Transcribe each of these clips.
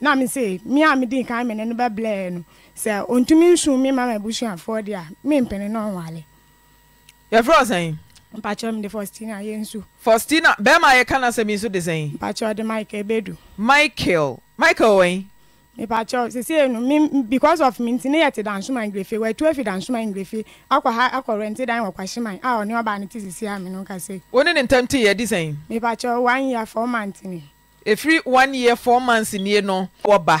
na me se me a me di nkan me ne no bɛblɛɛ no sɛ ɔntumi nsu me ma ma abusuafoɔ deɛ a mempene no ɔnwale yɛfrɛ sɛn mpakyɛ mede faustina yɛnsu faustina bɛrima a yɛka no asɛm yi nso de sɛn mpakyɛ de michael bɛdu michael michael wɛn mepakyɛ sesie no me because of mi nti ne yɛ te dansoman gbefe watu afi dansoman gbefe akɔ ha akɔ rɛnte dan wɔ kwahyeman a ɔne ɔbaa ne te sesie a me no nka sɛ wone ne ntam te sɛn mepakyɛ one year four months ne efiri one year four months nie no wɔba.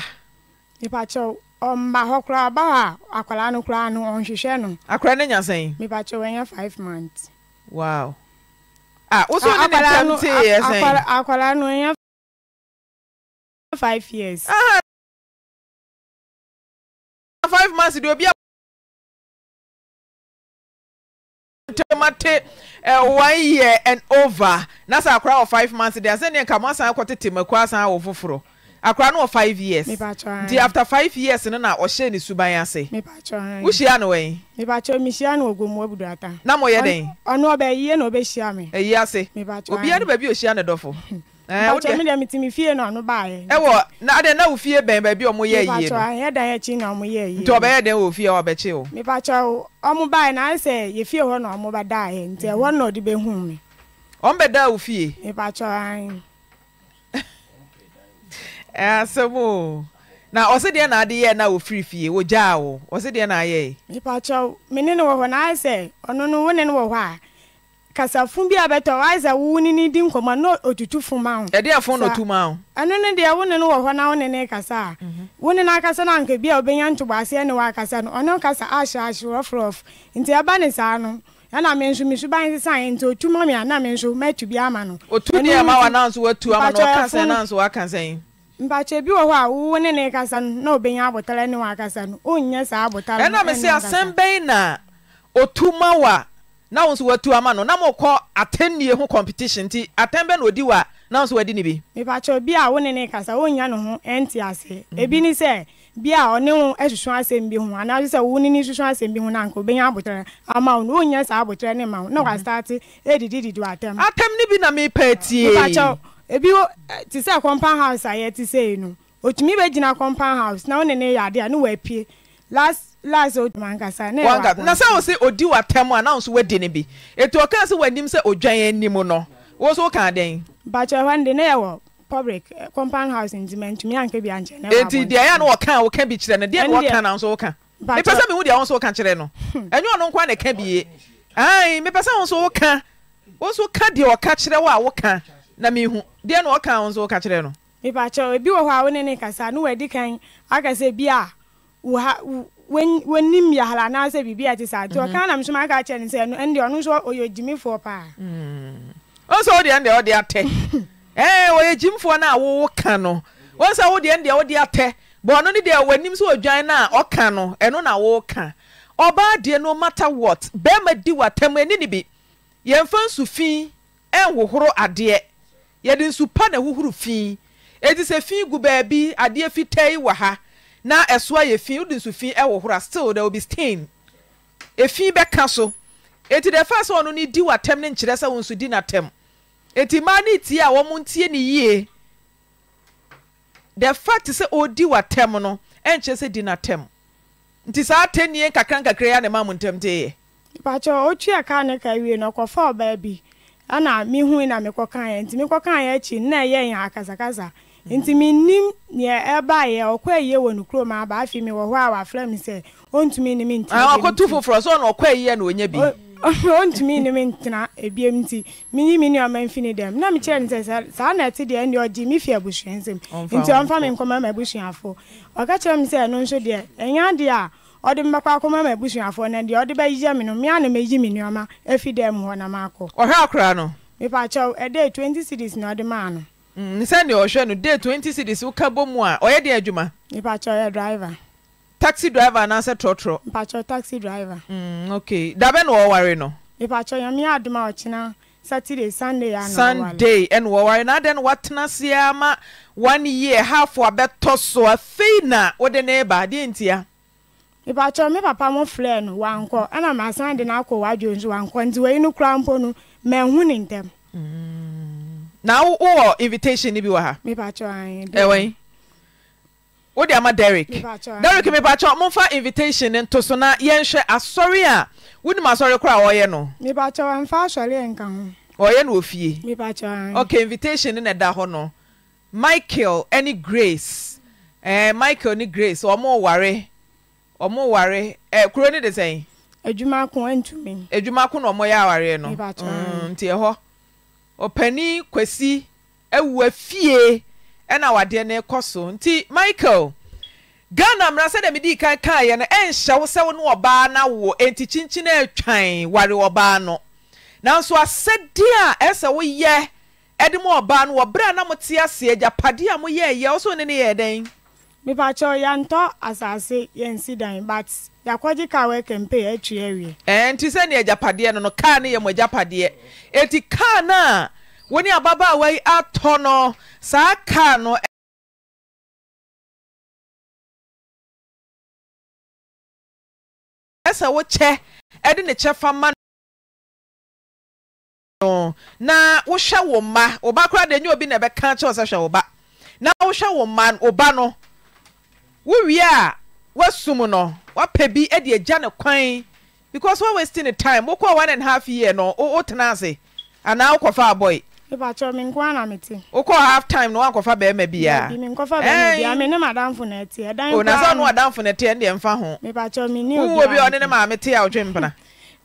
mipakyɛw ɔmba um, hɔ koraa ɔba hɔ a akwadaa no koraa no ɔnhwehwɛ no. akwadaa no nya sɛn. mipakyɛw five months. wow ah, a woso ne ne tam te yɛ sɛn. akwadaa no ɛnyɛ five years. Ah, five months de obi a. temate eh, one year and over na sɛ akora wɔ five months deɛ asɛ neɛ nka mo asan akɔ tete mako asan wɔ foforɔ akora no wɔ five years nti after five years no na ɔhyɛ ne suban ase wohyia no wɔn. Eh? mibatwa mihyia no ogun mu abudu ata. na mo yɛ den. ɔno ɔbɛ yie na ɔbɛ hyia mi. ɛyi ase obiara no baabi ohyia ne dɔfo. ɛwɔ mi dɛ mi fie na ano na eh, na fie bɛn baabi ɔmo yɛ yie no. mipatsɔ ahɛ dan ɛkyi na ɔmo yɛ yie. nti fie o. mipatsɔ na ayɛsɛ yɛ fie hɔ na ɔmo ba daa yɛ na ɔde bɛ hun mi. bɛ fie. mipatsɔ eh, na ɔsi deɛ na adi na ofiri fie wogyaa o ɔsi na ayɛ yi. mipatsɔ mi na ɔno kasafo bi a bɛtɔ wasa wo ne ne di nkɔmmɔ na ɔtutu foma wo ɛde afo na ɔtuma wo ɛno ne deɛ wo ne no wɔ hɔ na wo ne ne kasa a mhm. ne no akasa na nke bi a wobɛnya ntoboaseɛ ne waakasa no ɔno kasa ahye ahye rɔfrɔf nti ɛba ne saa no ɛna me nso mesu ban sesaeɛ nti ɔtu ma me na me ma matu bi ama no ɔtu ne ama wananso watu ama no ɔkasa nanso waka sɛn mpakyɛ bi wɔ hɔ a wowo ne ne kasa no na obɛnya abotare ne waakasa no ɔnnyɛ saa abotare ɛna me sɛ asɛm bɛn na ɔtu ma wa na wọn nso watu ama no na mo kɔ atɛnnie ho competition ti atɛn na odi wa na nso wadi ne bi. mipatsɛ obi a wone ne kasa wonya ne ho ɛnte ase mhm. ebi ni sɛ bi a ɔne ho ɛsusu asɛm bi ho anaasɛ sɛ wone ne susu asɛm bi ho na nka obɛnya abotire ama wo no wonya saa abotire ne ma wo na mhm. wasitaate edidi didi atɛm. atɛm ni bi na mi pɛ tie. mipatsɛ ebi eh, ti sɛ compound house a yɛ ti sɛ yi no otumi bɛ gyina compound house na wone ne yɛ adeɛ a ne wɔ last last old man kasa ne wa ko na sɛ o se odi wa tɛm a na o so wadi ne bi etu ɔka sɛ wadi mu sɛ odwan anim no wo so ka den. bàtchɛ hɔ ndi ne yɛ wɔ public eh, compound house nti mɛ ntumi anke bi ankyɛ ne wa bɔ nti deɛ yɛ no wɔka wɔka bi kyerɛ no deɛ no wɔka na nso wɔka mepɛ sɛ mehu deɛ wo nso wɔka kyerɛ no hmm. ɛnyɛ ɔno nko a na ɛka bie ai mepɛ sɛ wo nso woka wo nso ka deɛ ɔka kyerɛ wo a woka na mehu deɛ na ɔka wo nso woka kyerɛ no. mepɛ kyɛ obi wɔ hɔ a wo ne ne kasa ne wadi kan akasɛ bi a wo ha wo wɔnim yahara anaasɛ biribi a te saa nti ɔka nam soma aka kyerɛ ne sɛ ɛno ɛndeɛ ɔno nso ɔyɛ gyimifoɔ paa ɔsɛ wodeɛ ndeɛ wode atɛ ɔyɛ gyimfoɔ no a wowo ka no ɔsɛ wodeɛ ndeɛ wode atɛ bɔ ɔno ne deɛ w'anim sɛ ɔdwan no a ɔka no ɛno na wowo ka ɔbaa deɛ no mata what bɛrima di w'atam ani ne bi yɛmfa nsu fii ɛnhohoro e adeɛ yɛde nsu pa na ɛhohoro fii ɛti e sɛ fii gu baabi adeɛ fitaa yi wɔ ha na ɛso ayɛ fi wode nso fi wɔ hora still there will be stain efi bɛka so eti the first one ni di w'atɛm ne nkyerɛ sɛ wɔn nso di eti mmaa ne tie a wɔn ntị ne yie the fact sɛ odi w'atɛm no ɛnkyerɛ sɛ di n'atɛm nti saa nkakra nkakra na ɛma mo ntɛm te yɛ. pàtó otu aka ne ka wie no ɔbaa bi ɛna mihu na yɛ nti nti menim nea ɛbaeɛ ɔkɔ ayie wɔ ne kurom aba afei mewɔ hɔ a wafrɛ me sɛ ɔntumi ne me ntɔkɔto foforɔ sɛ ɔna ɔkɔ ayie na ɔnya bi ɔntumi ne me ntena ebiem nti meyi me nneɔma mfi ne dɛm na mekyerɛ no sɛ saa na ɛte deɛ ɛndeɛ ɔgye me fi abusua nsɛm nti ɔmfa me nkɔma ma abusuafoɔ ɔka kyerɛ me sɛ ɛno nso deɛ ɛnya deɛ a ɔde mbɛkɔ akɔma ma abusuafoɔ na deɛ ɔde bɛyɛ me no mea na mayi me nneɔma afi dɛm hɔ na maakɔ ɔhwɛ akora no mepaakyɛw ɛdɛ 20 cities na ɔde maa no Mm, sandeɛ wɔhwɛ no de 200cs woka bɔ mu a ɔyɛ de adwumaepakyɛ driv taksi driver naasɛ trɔtrɔpa taksi drivero mm, dabɛ na wɔware no mepay yayɛdomakyea stda snd sunda n wɔware na aden no woatena sea ma 1ne yea hafo abɛtɔ so afei na wode ne ɛba deɛ ntia epaky me papa mu frɛ no wankɔ na maasande noakɔ 'dw sownkɔ nti ino kora mpo no mahu ne ntɛm mm. na wowɔ invitation no bi wɔ haw wode ama derek derek mepakyɛ momfa invitation no nto so na yɛnhwɛ asɔre a wonim asɔre kora wɔyɛ no ɔyɛ e no ɔfie ok invitation no na ɛda hɔ no michael ne grace eh, michael ne grace ɔmoware ɔmoware eh, kuro no de sɛn adwuma ko na ɔmɔyɛ awareɛ no nti ɛhɔ e ɔpanin kwasi awu afie ɛna wadeɛ no ɛkɔ so nti michael ghana mmara sɛ dɛm dii kan kaa yɛ no ɛnhyɛ wo ne ɔbaa no awo enti kyinkyin atwan ware ɔbaa no nanso asɛdeɛ a ɛsɛ woyɛ ɛde mu ɔbaa no wɔ berɛ a na mote ase agyapadeɛ a moyɛɛyɛ wo sɛ wo ne yɛ dɛn Eh, eh, ya ntọ asase yɛnsi dan but yɛakɔgye kaa wɔkɛmpe atwi awie nti sɛnea agyapadeɛ no no kar no yɛ mɔ woni no saa kaa no ɛsɛ wo kyɛ ɛde ne kyɛ fa ma no na wohwɛ wo mma koraa obi na ɛbɛka kyɛ sɛ hwɛ wo ba na wohwɛ wo mma wowie a woasum no woapɛ bi de agya ne kwan because wo wasti ne time wokɔɔ one and half year no wotena ase anaa wokɔfa abɔe ìbàtsọ mi nkó àná mi ti. o kọ half time na wọn akọfa bẹẹmẹ bi ya. mi nkọfa bẹẹmẹ bi ya mi ni madamfo na ti ẹdan nkọ. Oh, o na sọ nu adamfo na ti ẹ ndẹ nfa ho. ìbàtsọ mi ni obi àná. wúwo bi ọdún ni maame ti a ọdún mpana.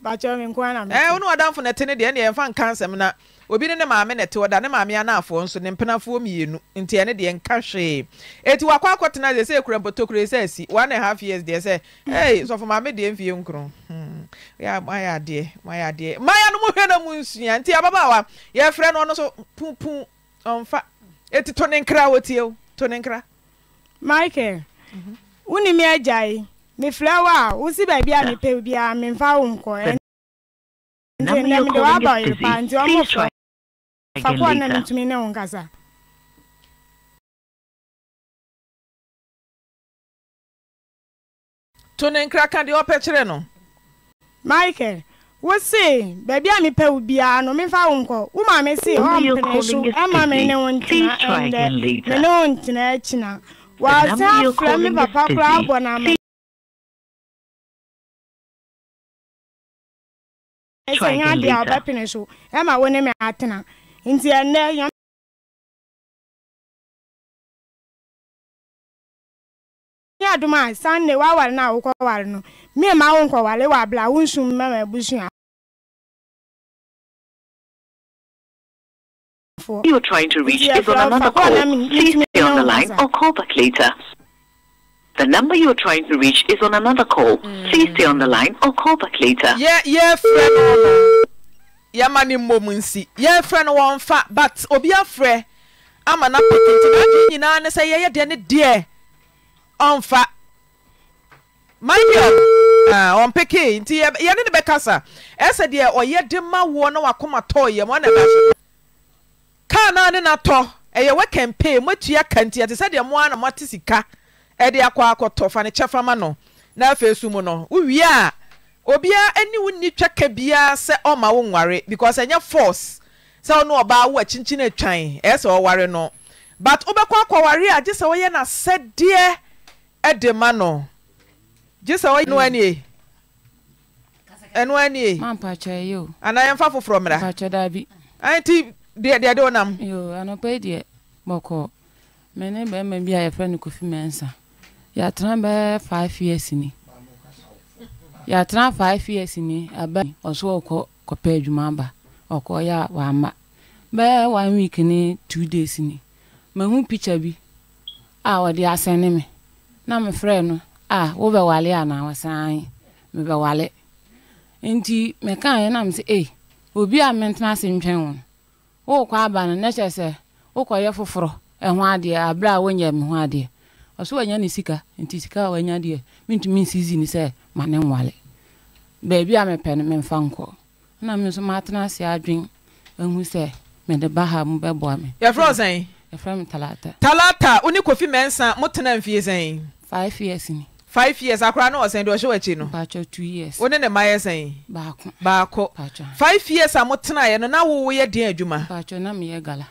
ìbàtsọ mi nkó àná mi ti. ẹ wọn adamfo na ti ni deɛ ndẹ nfa nka na obi ne ne maame na ɛte hɔ da ne maame anaafoɔ nso ne mpenafoɔ mmienu nti ɛne deɛ nka hwee eti wakɔ akɔtena deɛ sɛ ekura mpotokure sɛ esi one and a half years deɛ sɛ ɛy sɔfo maame deɛ mfie nkoro hmm yɛ mayɛ adeɛ mayɛ adeɛ maya no mu hwɛ na mu nsua nti ababaawa yɛfrɛ no ɔno so pumpum ɔnfa eti to ne nkra wotie o to ne nkra. michael wúni mi ẹja yìí mi filẹ wa wusi bẹẹbi a mi pe bi a mi nfa wo nkọ ẹ. Please try fakuwa na nitumi neongeza to ne nkraka ka deɛ ɔpɛ kyerɛ no michael wose baabi a mepɛ wo biara no memfa wo nkɔ wo maame se ɔmpene so ɛma me ne wo ntena ɛndɛ me ne wo ntena akyina wɔasa afrɛ me papa koraa abɔ na me ɛsɛ nyɛ adeɛ a ɔbɛpene so ɛma wo ne me atena nti ɛnɛ yɛn nyɛ adum a sannde waware no a wokɔware no mie ma wo nkɔware wɔ abla wo nsum ma ma abusua You're trying to reach e is on another call. Please stay on the line or call back later. The number you are trying to reach is on another call. Please stay on the line or call back later. Yeah, yeah, yɛ ma ne mmom nsi yɛfrɛ no ɔmfa but obi afrɛ ama nopɔten nyinaa ne sɛ yɛyɛ deɛ ne deɛ ɔmfa ma ah, ɔpke nti yɛne ne bɛka sa ɛsɛ deɛ ɔyɛ de ma woɔ na wakomatɔɔyb kar naa ne natɔ ɛyɛ wokam pe moatuɛ aka nti ate sɛdeɛ moanamoate sika de akɔakɔtɔ fa nekyɛ fama nona afe s mu nwoe obiaa ani wo nni twa sɛ ɔma wo nware because ɛnyɛ force sɛ wone ɔbaa wo akyinkyine atwan no but wobɛkɔ akɔware a gye sɛ woyɛ nasɛdeɛ e de ma no gye sɛ hmm. ɔnoanie ɛnoanie anaa yɛmfa foforɔ mmra nti deɛ de wonam anɔpɛyi deɛ ne bɛma bi a yɛfrɛ no kofi yɛatena bɛɛ years ni yɛatena five years ni aba ɔso ɔkɔ kɔpɛ adwuma ba ɔkɔ yɛ a wamma bɛɛ one week ne two days ni mahu picture bi a ɔde asɛne me na mefrɛ no a wobɛwale anaa wasan mebɛwale nti mekaeɛ na nam sɛ ei obi a mentena ase ntwɛn wo no wokɔ aba no nɛ kyɛ sɛ wokɔyɛ foforɔ ɛho adeɛ aberɛ a wonyɛ me ho adeɛ ɔso wanya ne sika nti sika a wanya deɛ mentumi nsisi ne sɛ ma ne nwale baabi a mepɛ no memfa nkɔ na me nso maatena ase adwen ahu sɛ mede ba ha mu bɛboa me yɛfrɛ wo yɛfrɛ me talata talata wo ne kofi mɛnsa motena mfie sɛn five years ni five years akora no ɔsɛn deɛ ɔhyɛ w'akyi no paatwa two years wo ne ne sɛn baako baako paatwa five years a motenaeɛ no na wowoyɛ deɛn adwuma paatwa na meyɛ gala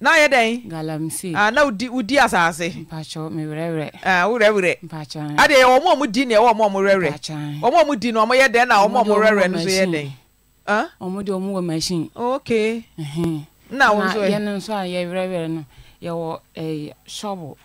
na yɛ dɛnwodi ah, asasewowerɛwerɛadeɛ ah, ɔmo di neɛ ɛwɔ ɔmo ɔmo werɛwerɛ ɔmo ɔmo di no ɔmo yɛ dɛn na ɔmo ɔmo werɛwerɛ nso yɛ dɛn ɔmo de ɔmo wɔ machine ok na wo nso yɛno nso a yɛwerɛwerɛ no yɛwɔ eh, shovel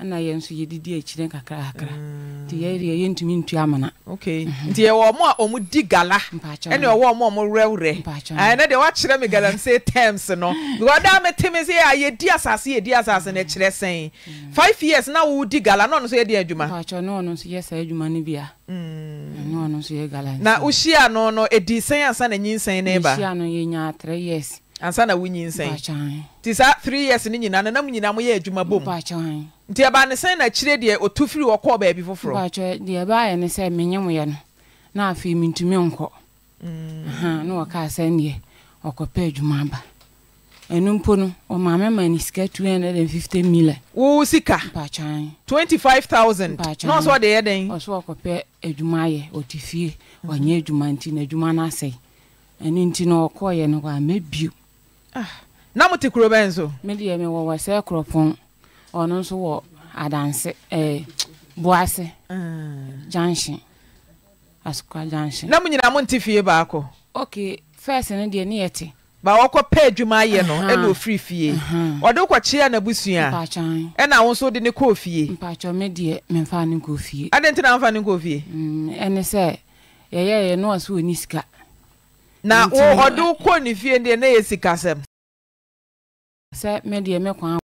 ɛna yɛ nso yɛdidi akyirɛ kakrakra mm. nti yɛreɛ yɛntumi ntu amana mhm. nti yɛwɔ mo a ɔmo di gala ɛne ɔwɔ mo a ɔmo werɛwerɛ ɛnɛ deɛ woakyerɛ me galamsey terms no wɔda metemi sɛ a yɛdi asase yɛdi asase no kyerɛ sɛn mm. five years na wodi gala na ɔno so yɛde adwuma ne ɔno nso yɛ saa adwuma no bia mm. ne ɔno nso yɛ gala na wohyia no no ɛdi sɛn ansa na nyinsɛn ne ba no yɛnya three years ansa na wonyinsɛn nti saa three years no nyinaa no na mu nyinaa moyɛ adwuma bom nti ɛba ne sɛn na kyire deɛ ɔtu firi wɔ kɔɔ baabi foforɔ. bàtɛ deɛ ɛbaayɛ ne sɛ menye yɛ no na afei mintumi nkɔ mm. na wɔka asɛn deɛ ɔkɔpɛ adwuma aba ɛnu mpo no ɔmaame ma ne sika two hundred and fifty million. wo sika mpatwan twenty five thousand mpatwan na ɔsɔ yɛ den. ɔsɔ ɔkɔpɛ adwuma ayɛ ɔte fie ɔnyɛ adwuma nti na adwuma no asɛe ɛnu nti na ɔkɔɔ yɛ no wɔ amebio. Ah, na mo te kuro bɛn so. mi deɛ mi wɔ wɔ sɛ kuropɔn ɔno nso wɔ adanse ɛɛ buase mm. junction asukwa junction. na mo nyinaa mo nti fie baako. ok first no deɛ ne yɛ te. ba wɔkɔ pɛ adwuma ayɛ no ɛna ofiri fie ɔde kɔ kyea n'abusua ɛna wɔn nso de ne kɔɔ fie. mpatsɔ mi deɛ mmefa ne kɔɔ fie. adi nti na nfa ne kɔɔ fie. Mm, ɛne sɛ yɛyɛ yɛ no ɔso wɔ sika. na ɔde kɔ ne fie deɛ ne yɛ sika sɛm. sɛ mi deɛ mi kwan.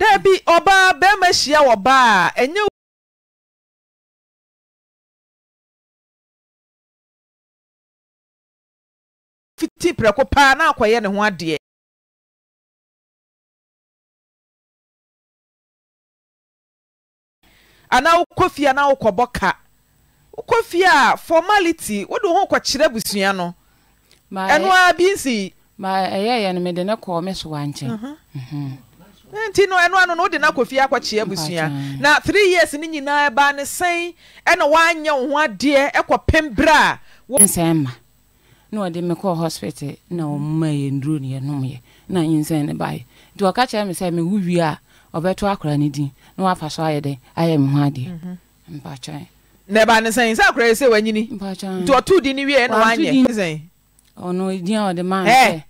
daa bi ɔbaa bɛrima hyia wɔ ba a ɛnyɛ wfiti prɛko paa na akɔyɛ ne ho adeɛ anaa wokɔ fie ana wokɔbɔ ka wo kɔ fie a formality wo de wo ho kɔkyerɛ abusua no ɛno aa binsidkmsowɛ nti no ɛno ano no wode na 3 years no nyinaa ne sɛn ɛna woanyɛ wo ho adeɛ ɛkɔpem a na ɔde mekɔɔ hospital na ɔma yɛnduro a ɔbɛto akora no na wafa so ayɛ ayɛ me ho adeɛ mhm. mpakyɛn na ɛbaa ne sɛn sɛ akora yɛ sɛ wanyini nti ɔtoo di no wie na ɔno din a ɔde maa sɛ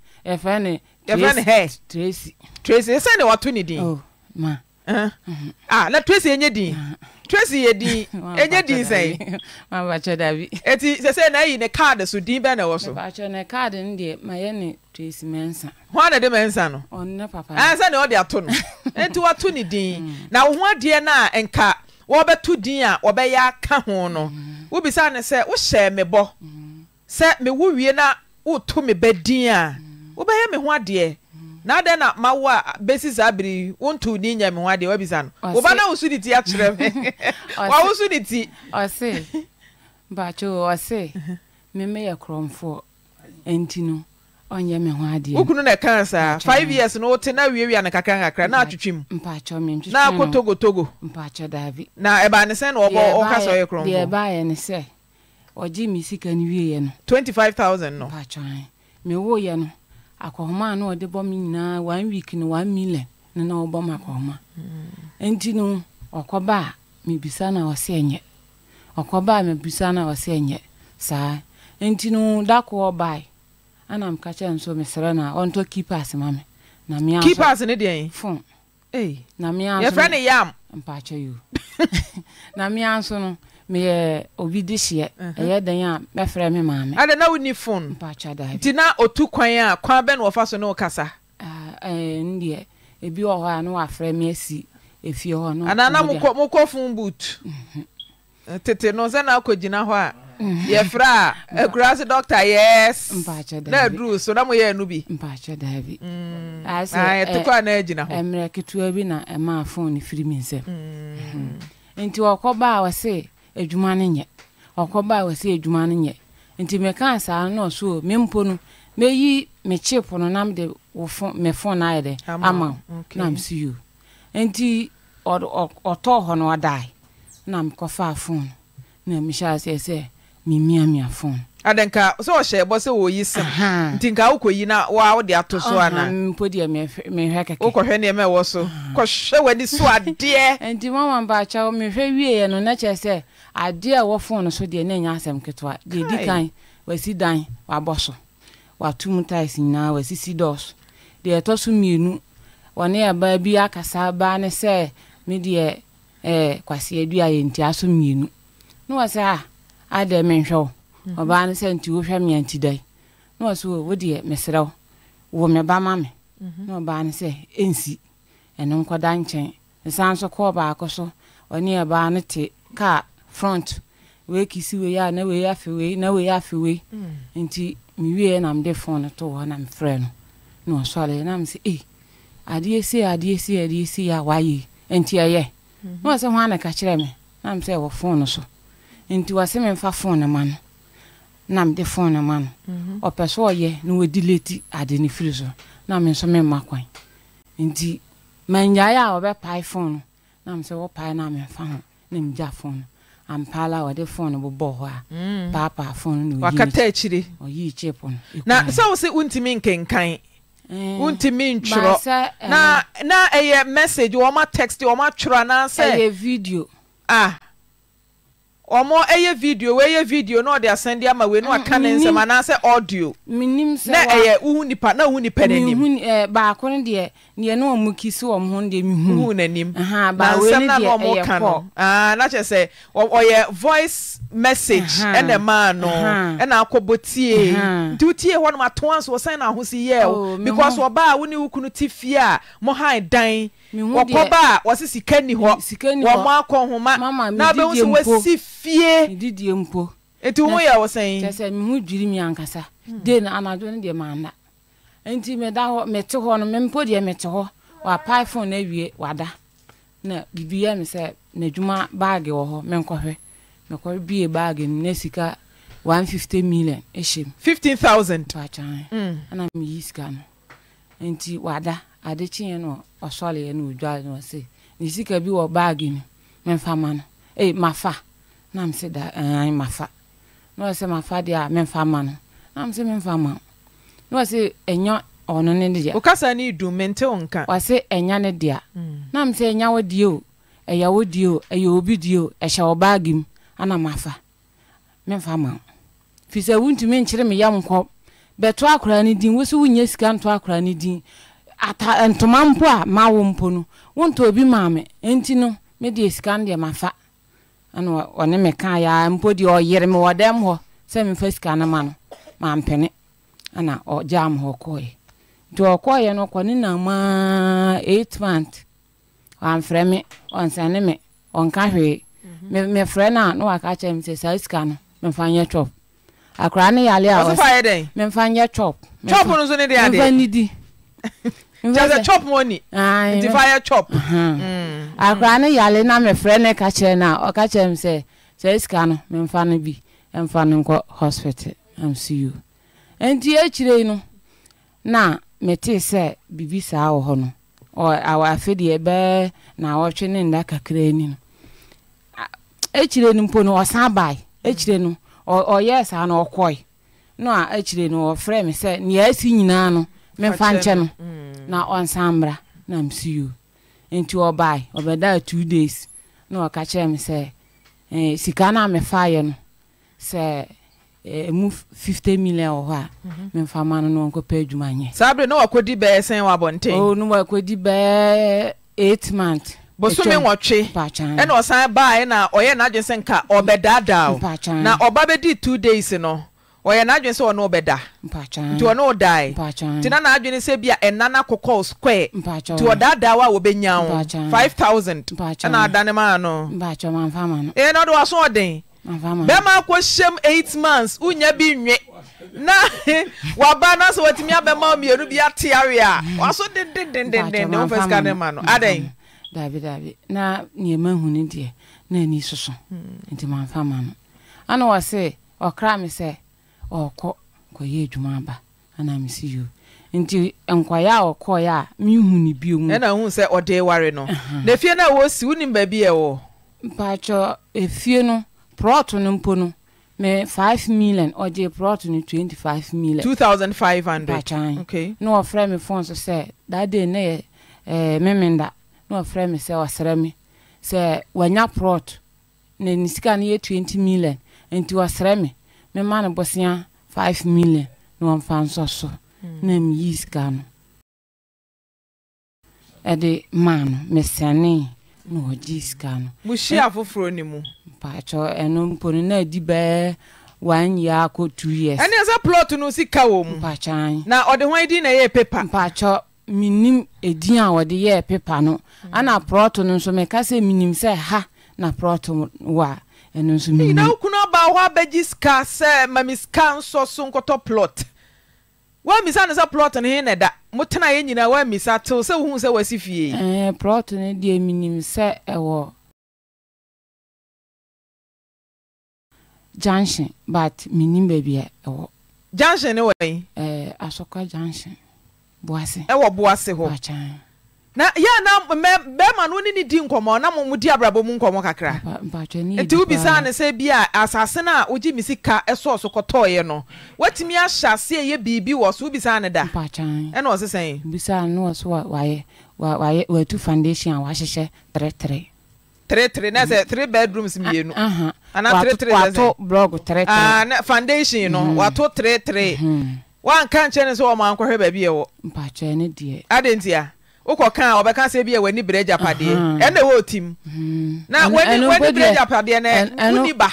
yɛfrɛ ne hɛ tracy tracy ɛsɛn na wato ne din oh, ma mhm. ah na tracy enye din ah. tracy yɛ din enye din sɛn mabakyɛ dabi eti sɛsɛ na ayi ne kaadi so din bɛɛ na ɛwɔ so mabakyɛ ne kaadi ne deɛ ma yɛ ne tracy mɛnsa hɔn ana de mɛnsa no ɔno ne papa ɛn sɛ na ɔde ato no eti wato ne din na ho adeɛ na nka tu din a wɔbɛyɛ aka ho no wobisa ne sɛ wohyɛ me bɔ sɛ me wo wie na tu me bɛ din a. Mm. wobɛyɛ me ho adeɛ na adɛn na mawo a bɛsi saa bere wonto ne nya me ho adeɛ wabisa no woba na woso ne ti akyerɛ me wawoso ne ti ɔse baakyo ɔse memeyɛ korɔmfoɔ ɛnti no ɔnyɛ me ho adeɛ wokunu na ɛkaa saa five years no wote na awiawia no kakra kakra na atwitwi mu na akɔ na ɛbaa ne sɛn na ɔka sɛ ɔyɛ korɔmfoɔ ɔgye me sika no wieɛ no 25000 no mewooyɛ no akɔhoma na ɔde bɔ me nyinaa one week no one million ne na ɔbɔ me akɔhoma nti no ɔkɔba a mebisa na ɔsɛ ɛnyɛ ɔkɔba a mebisa na ɔsɛ ɛnyɛ saa nti no dako ɔbae ana meka kyɛ nso mesrɛ no a ɔntɔ keepers ma me na mea keepers ne deɛ fon na mea yɛfrɛ no yam mpakyɛ o na mea nso no meyɛ obi de hyeɛ ɛyɛ dan a mɛfrɛ me maame adɛ na wonni phone bi. ntina otu kwan a kwan bɛ na wɔfa so ne wo kasa ndeɛ ebi wɔ hɔ a na wafrɛ me asi efie hɔ no anaa na mokɔ phone boot mhm. tete no sɛ na akɔgyina hɔ a mhm. yɛfrɛ a akura se dɔctor yes na aduru so na moyɛ no bi mm. yɛte kɔ a na agyina hɔ mmerɛ ketewa bi na ɛmaa phone firi mi nsɛm mm. mhm. nti ɔkɔ baa wɔ se Edwuma no nyɛ ɔkɔba a wɔsi edwuma no nyɛ nti meka saa na ɔso o me mpo no meyi me pono no de mede me phone no ayɛ dɛ ama wo na si yio nti ɔtɔɔ hɔ no ɔdae na mekɔfaa fone na mehyɛ aseɛ sɛ memiamia phone adanka sɛ ɔhyɛ bɔ sɛ wɔyi sem nti nka wokɔyi na waa wode ato so anampo deɛ mehwɛ kɛkɛ wokɔhwɛ nneɛma ɛwɔ so kɔhwɛ w'ani so adeɛ nti mama mpaakyɛw mehwɛ wieɛ no na kyerɛ sɛ adeɛ a ɛwɔ phone so deɛ ne nyɛ asɛm ketewa deɛ di kan wasi dan wabɔ so watu mu tiles nyinaa wasisi dɔɔso deɛ ɛtɔ so mmienu wɔne ɛbaa bi akasa baa ne sɛ me deɛ ɛɛ kwasi adua yɛ ntia so mmienu ne wɔ sɛ a ah, adɛ ah, me nhwɛ wo mhm. ɔbaa no sɛ nti wohwɛ me anti dɛn ne wɔ so wo deɛ mesrɛ wo wo me ba ma me mhm. ne ɔbaa no sɛ ɛnsi ɛno nkɔda nkyɛn nsan so kɔɔ baako so ɔne ɛbaa no te kaa front wei kisi wei a na wei afe wei na wei afe wei hmm. nti mewie na mede fon no to hɔ na mefrɛ no na ɔsɔre na mesɛ e adeɛ si adeɛ si adeɛ si wa yi. nti ɛyɛ mhm. na ɔsɛ ho anaka kyerɛ mi na mesɛ ɛwɔ fon no so nti wɔsɛ memfa fon no ma no na mede fon no ma no mhm. ɔpɛ sɛ ɔyɛ na di leti ade no firi so na me nso memma kwan nti manyaaeɛ a ɔbɛpae fon no na mesɛ wɔpae na memfa ho na megya fon no ampala wɔde fone no bobɔ hɔ a mm. paapaa fone no wakata akyire ɔyii chip no na sɛ sɛ wontumi nkenkan eh, wontumi ntwerɔ eh, na ɛyɛ message wɔma text wɔma twerɔ anaasɛ ɛyɛ video ah ɔmɔ ɛyɛ video wyɛ video mm, mm, na ɔde asɛndeɛ ama wei nu aka ne nsɛm anaasɛ audio naɛ wo nipna who nipa nanininsɛmna a ɔmoka no ah, na kyɛr sɛ ɔyɛ voice message nɛ maano na akɔbɔ tie nti wotie hɔ nom atoa so wɔsane no ahosi yɛɛwo oh, becaus ɔbaa wo nne wo ku no te fie a mohae dan wɔkɔba a wɔse sika nni hɔwɔmo akɔ homa na bɛhu so woasi fie nti wo ho yɛ wo sɛsɛ meho dwiri mi ankasa hmm. na anadwo no deɛ maanda nti meda hɔ mete hɔ no mempo deɛ mete hɔ wɔapae fon na sɛ n'adwuma wɔ hɔ bie na sika million mu ɛna hmm. sika no nti ɔsɔleɛ ne ɔdwa ne ɔse ne sika bi wɔ baage no memfa ma no ei mafa na m se da ɛn mafa na ɔsɛ mafa deɛ a memfa ma no na m se memfa ma na ɔsɛ ɛnya ɔno ne deɛ wokasa ne du mente wo nka ɔse ɛnya ne deɛ na m sɛ ɛnya wo deɛ o ɛyɛ wo deɛ o ɛyɛ obi deɛ o ɛhyɛ wɔ baage mu ana mafa memfa ma firi sɛ wontumi nkyere me yam nkɔ bɛto akora no din wo so sika nto akora no din ata ntoma mpo a mawo mpo no wontɔ obi maame enti no mede sika no deɛ mafa ɛna ɔne me ka yɛa ah, mpo deɛ ɔyere me wɔ dɛm hɔ sɛ mefa sika no ma no mampene ɛna ɔgyaa me hɔ kɔɔɛ nti ɔkɔɔɛ no ɔkɔne namaa eight month wamfrɛ me ɔnsɛne me ɔnka hwee mhm. mefrɛ no a na waka kyerɛ me sɛ saa sika no memfa nyɛ chop akora ne yale a memfa nyɛ chop chop no so ne deɛ adeɛ memfa nidi kyɛsɛ chop moni ah, nti fire chop uh-huh. mm. akora ne yale na mefrɛ ne ka kyerɛ no a ɔka kyerɛ m sɛ sɛ sika no memfa no bi ɛmfa no nkɔ hospital Nti ɛnti akyirei no na metee sɛ bibi saa wɔ hɔ no awɔ afidie bɛɛ na wɔtwe ne nda kakra ni no akyire no mpo no ɔsan bae akyire no ɔyɛɛ saa no ɔkɔe no a akyire no ɔfrɛ me sɛ nea asi nyinaa no memfa nkyɛ no mm. na ɔnsan mmra na msi yoo nti ɔbae ɔbɛdaa two days na ɔka kyerɛ me sɛ eh, sika no a mefaeɛ no sɛ eh, mu fifty million wɔ hɔ a mhm. memfa ma no na ɔnkɔpɛ adwuma nyɛ saa bere na wakɔdi bɛɛ sɛn wɔ abɔnten oh, o na wakɔdi bɛɛ eight months bosome nwɔtwe ɛna ɔsan baeɛ na ɔyɛ n'adwene sɛ nka ɔbɛdaadaa na ɔba bɛdi two days no ɔyɛ n'adwene sɛ ɔne wobɛda nti ɔne wo dae nti na n'adwene sɛ bi a ɛna no akokɔw square nti da wa a wɔbɛnya wo 5000 ɛna adane maa no ɛɛ na ɔde waso ɔden bɛima akɔhyɛm 8 months wonya bi nwe na waba na sɛ watumi abɛma mmienu bi ateare a waso dendendendenden wofɛ sika ne ma no adɛn daabidaabi na nneɛma hu no deɛ na ani soso hmm. nti ma no ana wɔ se ɔkra me sɛ ɔɔkɔ kɔyɛ adwuma aba ana mesi yo nti nkwaya a ɔkɔɔyɛ a mehu ne bio mu ɛna hu sɛ ɔde ware no na fie no a wɔsi wonim baabi ɛwɔ mpakyɛ efie no prɔto no mpo no me five million ɔgye prɔto no twenty five million two thousand five hundred okay na ɔfrɛ me fon so sɛ that ne yɛ ɛɛ eh, memenda na ɔfrɛ me sɛ ɔsrɛ me sɛ wanya prɔto na ne sika no yɛ twenty million nti ɔsrɛ me ne ma no bosea 5 million hmm. na wɔmfa nsɔ so na meyi sika no ɛde no na ɔgye sika no foforɔ ne mu mpakyɛ ɛno mpo na adi bɛɛ one year akɔ two years ɛne sɛ plot no sika wɔ mu mpakyɛn na ɔde ho na ɛyɛ pepa mpakyɛ menim edin a wɔde yɛɛ pepa no hmm. ana no nso meka sɛ ha na wɔ nyina wokunu abaa hɔ abɛgye sika sɛ mami sika nsɔ so nkɔtɔ plot woammi sa ne sɛ plot no he nɛ da motenaeɛ nyinaa woami sa tew sɛ wohuu sɛ wasi fieipnsɛwɔancen btmebia yanchen ne wai wɔ boase hɔ na yɛ na mɛ bɛrima no ne ne di nkɔmɔ na mo mo di abrabɔ mu nkɔmɔ kakra nti wo bisa ne sɛ bi a asase no a wogye me sika ɛsɔɔ so kɔtɔɔeɛ no watumi ahyɛ aseɛ yɛ biribi wɔ so wo bisa ne da ɛna ɔse sɛn bisa no wɔ so wayɛ wayɛ watu foundation a wahyehyɛ trɛtrɛ trɛtrɛ na sɛ mm. three bedrooms mmienu ana trɛtrɛ sɛ wato blɔg trɛtrɛ foundation no mm-hmm. wato trɛtrɛ mm-hmm. wanka nkyɛn ne sɛ wɔn ankɔhwɛ baabi yɛ wɔ mpakyɛ ne deɛ ya wokɔ ka a ɔbɛka sɛ bi a w'ani berɛ agyapadeɛ ɛna ɛwɔ tim mhm. na w'ani w'ani berɛ agyapadeɛ no woni ba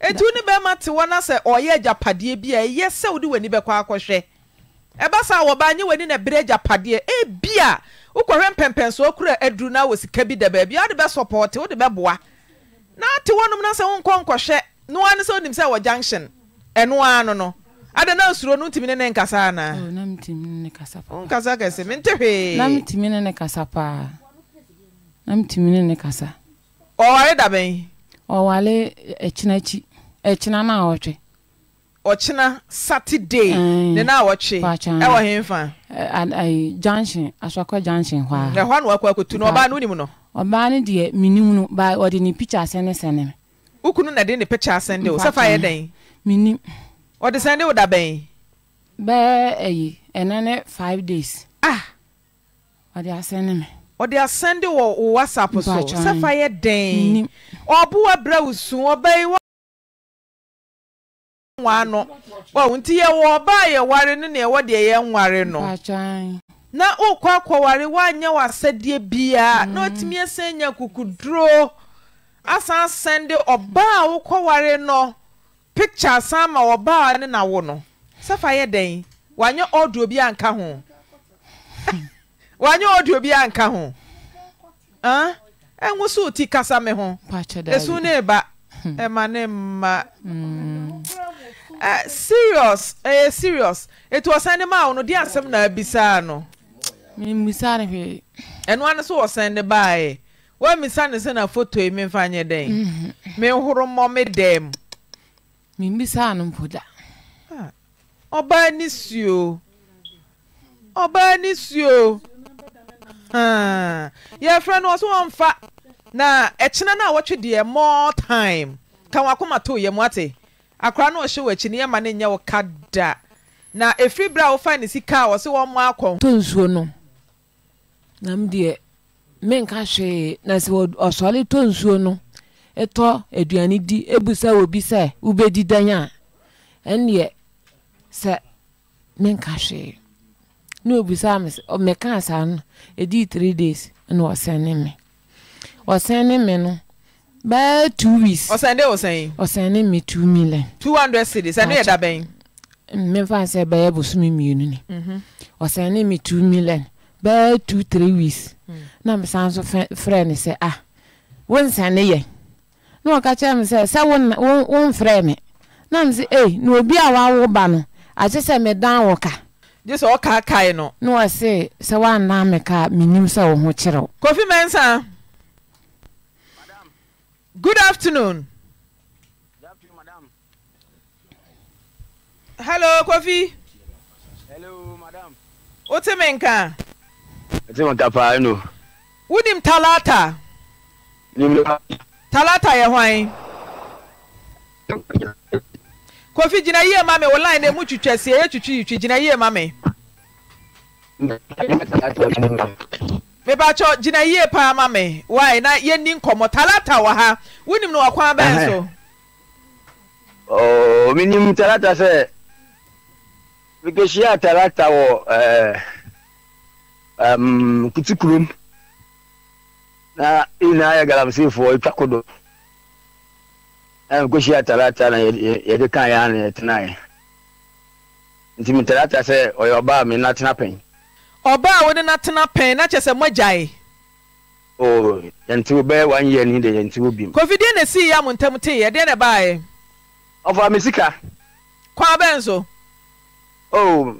etu ni bɛrima te hɔ na sɛ ɔyɛ agyapadeɛ bi a ɛyɛ sɛ wode w'ani bɛkɔ akɔhwɛ ɛba saa wɔba nye w'ani na berɛ agyapadeɛ ebi a wokɔhwɛ so kura aduru na wɔ sika bi da baabi a wode bɛsɔpɔɔte wode bɛboa na te hɔ na sɛ wonkɔ nkɔhwɛ noa no sɛ wonim sɛ wɔ junction ɛnoa no no ada na suro no ntimi ne ne nkasa ana oh, na ntimi ne ne kasa paa nkasa kɛse mente hwee na ntimi ne ne kasa paa na ntimi ne ne kasa ɔware da bɛn ɔware eh, ɛkyina akyi ɛkyina na ɔtwe ɔkyena saturday ne na awɔtwe ɛwɔ hemfa eh, eh, junction asɔkɔ junction hɔ a ɛhɔ na wakɔ akɔtu no ɔbaa no wonim no ɔbaa no deɛ menim no ba ɔde ne picture asɛne sɛne wokunu na de ne picture asɛn de wo sɛ fa yɛ dɛn menim wɔde sɛn de woda bɛn bɛɛ ayi ɛno ne 5 days ah! ɔde asɛne me ɔde asɛnde wɔ wo whatsapp so sɛ fa yɛ dɛn ɔboa brɛ wo su ɔbɛyi waa no wo nti yɛwɔ ɔbaa yɛware no neɛ ɛwɔ deɛ yɛnware no na wokɔ akɔware woanyɛ w'asɛdeɛ biaa na ɔtumi mm. ɛsɛ nya kukuduro asan asɛnde ɔbaa wokɔware no picture ama ma wɔbaa ne na wo no sɛfa yɛ dɛn wanyɛ audio bi anka ho wanyɛ ọdụ bi anka ho ah? ɛnwo so ti kasa me ho ɛsu ne ba hmm. ɛma ne mma hmm. serious ɛyɛ serious ɛti ɔsan ne wo no asɛm na so ne ne na foto yi nyɛ dɛn hmm. dɛm mimbisa no mpo da ọbaa ni suo ọbaa ni suo yɛfrɛ no ɔso wɔmfa na ɛkyena no a wɔtwe more time ka wɔn akoma to yɛ mu ate akora no ɔhyɛ wɔ akyi ne yɛma ne nyɛ wɔ ka na efiri bere a wofa ne sika a wɔsi wɔn mma akɔ. to nsuo no nam deɛ menka hwee na sɛ ɔsɔre to nsuo no ɛtɔ aduane di ebu sɛ obi sɛ wobɛdi dan a ɛnneɛ sɛ menka hwee na obisa me sɛ meka saa no ɛdii three days na ɔsɛne me ɔsɛne me no bɛɛ two weeks ɔsɛn de ɔsɛn ɔsɛn me two million two hundred cities ɛne yɛ da bɛn mmefa sɛ bɛyɛ bosomi mmienu ni mhm. ɔsɛn me two million bɛɛ two three weeks mm. na mesan so frɛ ne sɛ ah wonsɛn ne yɛ na ɔka kyerɛ me sɛ sɛ womfrɛ me na mese e na obi a wawo ba no agye sɛ medan wɔ ka gye sɛ aka kae no na ɔse sɛ woanaa me ka menim sɛ wo ho kyerɛw kofi mɛnsa good afternoon hello kofi hello madam wote me nka wonim talata talata yɛ hwan kofi gyina yie ma mi wò line na mu twitwa si eye twitwi twitwi gyina yie ma mi. mepatsɔ gyina yie paa ma mi wae na yɛni nkɔmɔ talata wɔ ha wunim na ɔkwan bɛn so. ooo mi nim talata sɛ mi kehyia talata wɔ ɛɛ ɛɛm kutukurum. na inayagala msifu itakudu kushia ata na yedika yana yetinaye nti mi talata sɛ ɔyɛ ɔbaa mi natena pɛn ɔbaa wo ne natena pɛn na kyɛ sɛ moagyae o yɛntewo bɛyɛ wan yɛ ya de yɛntewo bi m. kovidi na sii ya amontam teeɛ deɛ na ɛbaeɛ ɔfaa me sika kwa bɛn nso. oh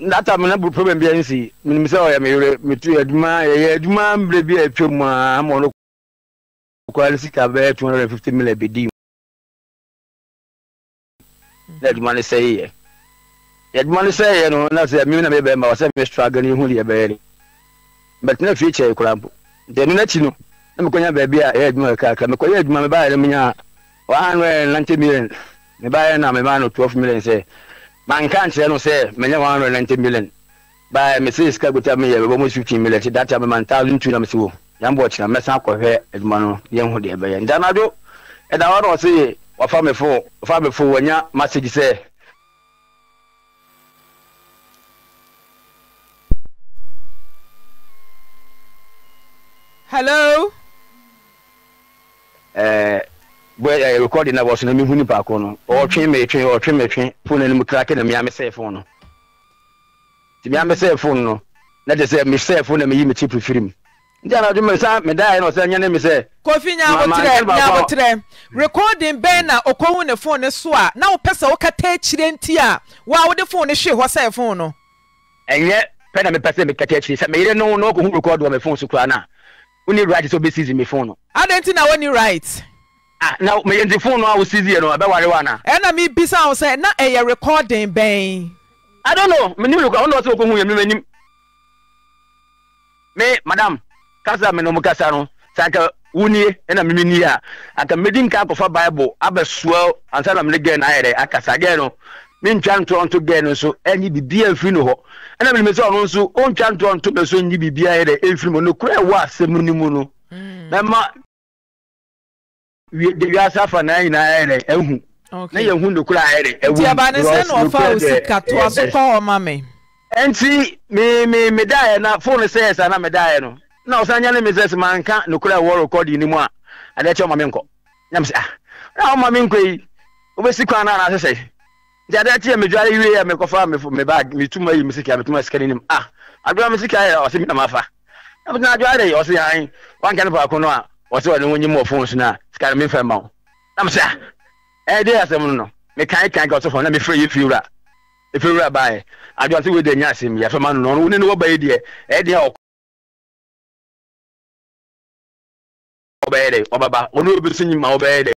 ndata mi na bu problem bi nsi mi sɛ ɔyɛ mi yɛrɛ mi tu adwuma yɛyɛ adwuma mbere bi a atwa mu a ama ɔno kura ne sika bɛyɛ two hundred and fifty million bi di mu na adwuma ne sɛ yɛ adwuma ne sɛ yɛ no na sɛ mi na mi bɛrɛ ma ɔsɛ mi struggle ne ho deɛ bɛyɛ ne bɛt na fie kyɛ kura mpo deɛ no n'akyi no na mi kɔnya baabi a ɛyɛ adwuma kakra mi kɔyɛ adwuma mi ba yɛ no mi nya one hundred and ninety million mi ba yɛ na mi ba no twelve million sɛ manka nkyerɛ no sɛ menya one million ba mese sika gota mi bɛbɔ mo fifteen million ti data mi e e ma thousand na mi wo yan bɔ kyerɛ akɔhwɛ adwuma no yɛn ho deɛ bɛyɛ ntanado ɛda hɔ na ɔse wafa mi wafa mi fo wɔnya sɛ hello. ɛɛ. Uh, eh, bɛ eh, rekɔdi na wɔso na mi hu baako no ɔtwe mɛtwe mm. ɔtwe mɛtwe fone na miame sɛ fone no ti miame sɛ fone no na de sɛ mi sɛ fone na mi yi mi ti fifiri mu nti ɔdi mi na ɔsɛ nyɛ ne mi sɛ. kofi nyabotrɛ nyabotrɛ na okohun ne fone ne so a na wopɛ sɛ wokata nti a wa wode fone ne hɔ sɛ fone no. ɛnyɛ pɛ na mi pɛ sɛ mi sɛ no na na right sɛ mi fone na meyɛnti fone no a wosizieɛ no ɛbɛware wana ɛna mebisa wo sɛ na ɛyɛ recording bɛn i don't know menim rek wona sɛ wokɔhu yɛ menim me madam kasa me no kasa no sɛ anka wonie ɛna a anka medi nka akɔfa bible abɛsoa ansa na mene gɛ no ayɛ akasa gɛ no mentwa gɛ no nso ɛnye bibia mfiri no hɔ ɛna nso so bibia ɛmfiri mu ɛwɔ asɛm no mu mm. wi wiase afa na nyinaa yɛrɛ ehu na yɛn hu nukura yɛrɛ ewu ntiaba ne sɛ na ɔfa osi kato asokɔ ɔma mi. nti mi mi mi da yɛ na fone sɛ yɛsa na mi da yɛ no na ɔsan nyɛ ne mi sɛ sɛ ma nka nukura ɛwɔ rekɔdi ni mu a adeɛ kyɛ ɔma mi nkɔ nyam sɛ ah na ɔma mi nkɔ yi obesi kwan na ana sɛsɛ nti adeɛ kyɛ mi dware wie yɛ mi kɔfa mi mi baag mi tuma yi mi sika mi tuma sika ne nim ah adura mi sika yɛ ɔsi mi na ma fa na mi tena adware yɛ ɔsi yan wanka ne baako no a wɔsɛ wɔde ho nyim wɔ phone so no a sika no memfa ma wo na m sɛ a ɛde asɛm no no mekae kan ka ɔsɔfoɔ na mefrɛ yi firi wura ɛfiri wura baɛ adwa sɛ wede anya asɛm yi afɛma no no wone ne wɔba yi deɛ ɛdeɛ ɔbɛyɛ dɛ ɔbaba ɔne wɔbɛso nyima wɔbɛyɛ dɛ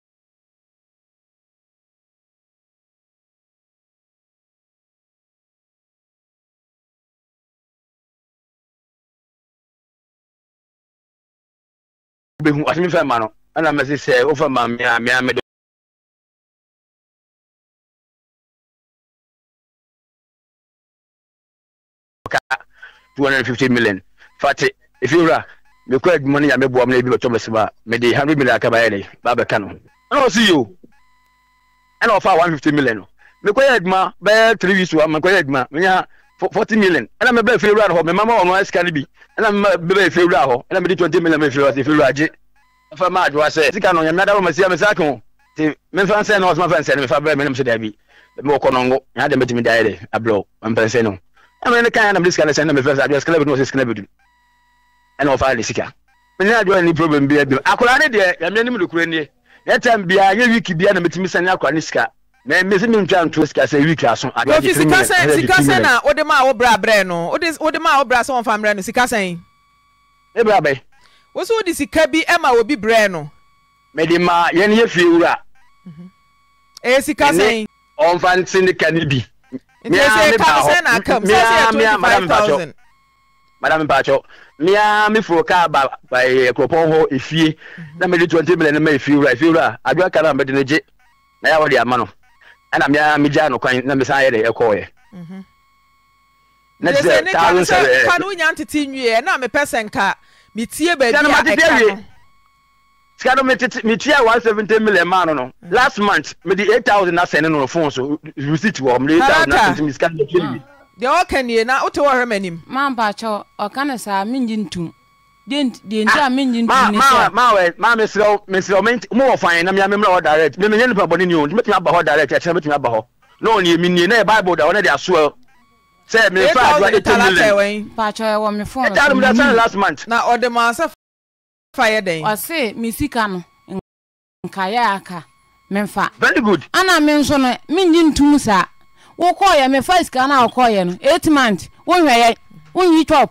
bɛhu ɔsɛ mefɛ ma no ɛna mɛse sɛ wofa ma mea mede million fate ɛfiwura mekɔ adwuma no nyameboa m na bi bɛtɔ million aka bayɛ dɛ baabɛka no forty million ɛna mɛ bɛɛ fɛwura hɔ mɛ mama ɔno ɛsika ni bi ɛna mɛ bɛɛ fɛwura hɔ ɛna mɛ di twenty million mɛ fɛwura ti fɛwura agye ɛfɛ maa adwa sɛ sika no nyamina dama mɛsia mɛsia kan ti mɛ nfa nsɛn na ɔsoma fɛn sɛn mɛ fa bɛɛ mɛ ne muso dɛbi mɛ wɔkɔ nɔngo nya dɛm bɛtumi da yɛ dɛ abirɛ o mɛ nfa nsɛn no ɛna mɛ ne kan yɛ na mɛ di sika ne na mɛ fɛ sɛ adwa sikɛlɛ bi ni problem na mmesi mi ntwa nto sika sɛ wiki aso ade agye tiri mmiri sika sɛ sika sɛ na wode ma awo bra brɛ no wode wode ma awo bra sɛ wɔn fa mbrɛ no sika sɛn. e bra bɛ. wosi wode sika bi ɛma obi brɛ no. mɛde ma yɛn yɛ fie wura. ɛyɛ sika sɛn. ɔnfa nti ne ka ne bi. nti sɛ kam sɛ na kam sɛ sɛ twenty five thousand. madam mpatsɔ mmea meforo kaa ba eh, kuropɔn hɔ efie mhm. na mɛde twenty million ma efie wura efie wura adwa kan na mɛde ne gye na yà wɔ de ama no ɛna mmea megya no kwan na mesan yɛ de ɛkɔɔyɛ mhm. na sɛ taa no nsɛbɛ ɛkwa wonya ntete nwieɛ na mepɛ sɛ nka metie baabi a ɛka no sika no metua one seventy million maa no no mhm. last month mede eight thousand asɛne no no phone so receipt wɔ mede eight thousand asɛne me sika no deɛ ɔka nie na wote wɔhwɛ m'anim mampakyɛw ɔka no saa mengye ntom mesrɛ mowɔ faɛ na meamemmerɛ hɔ direct memenyɛ nipa bɔne ni o nti mɛtumi aba hɔ direct ɛkyerɛ mɛtumi aba hɔ na ɔne menie na yɛ bible da hɔ na de asoa sɛ mefa adoa ɛtmilɛnɛdamdasane last month na ɔde ma sɛ fa yɛ dɛn ɔse me sika no nkayɛ aka memfa very good ana me nso no menye ntom saa wokɔɔyɛ mefa sika no a wokɔɔyɛ no eight month wonhwɛyɛ wonyi chop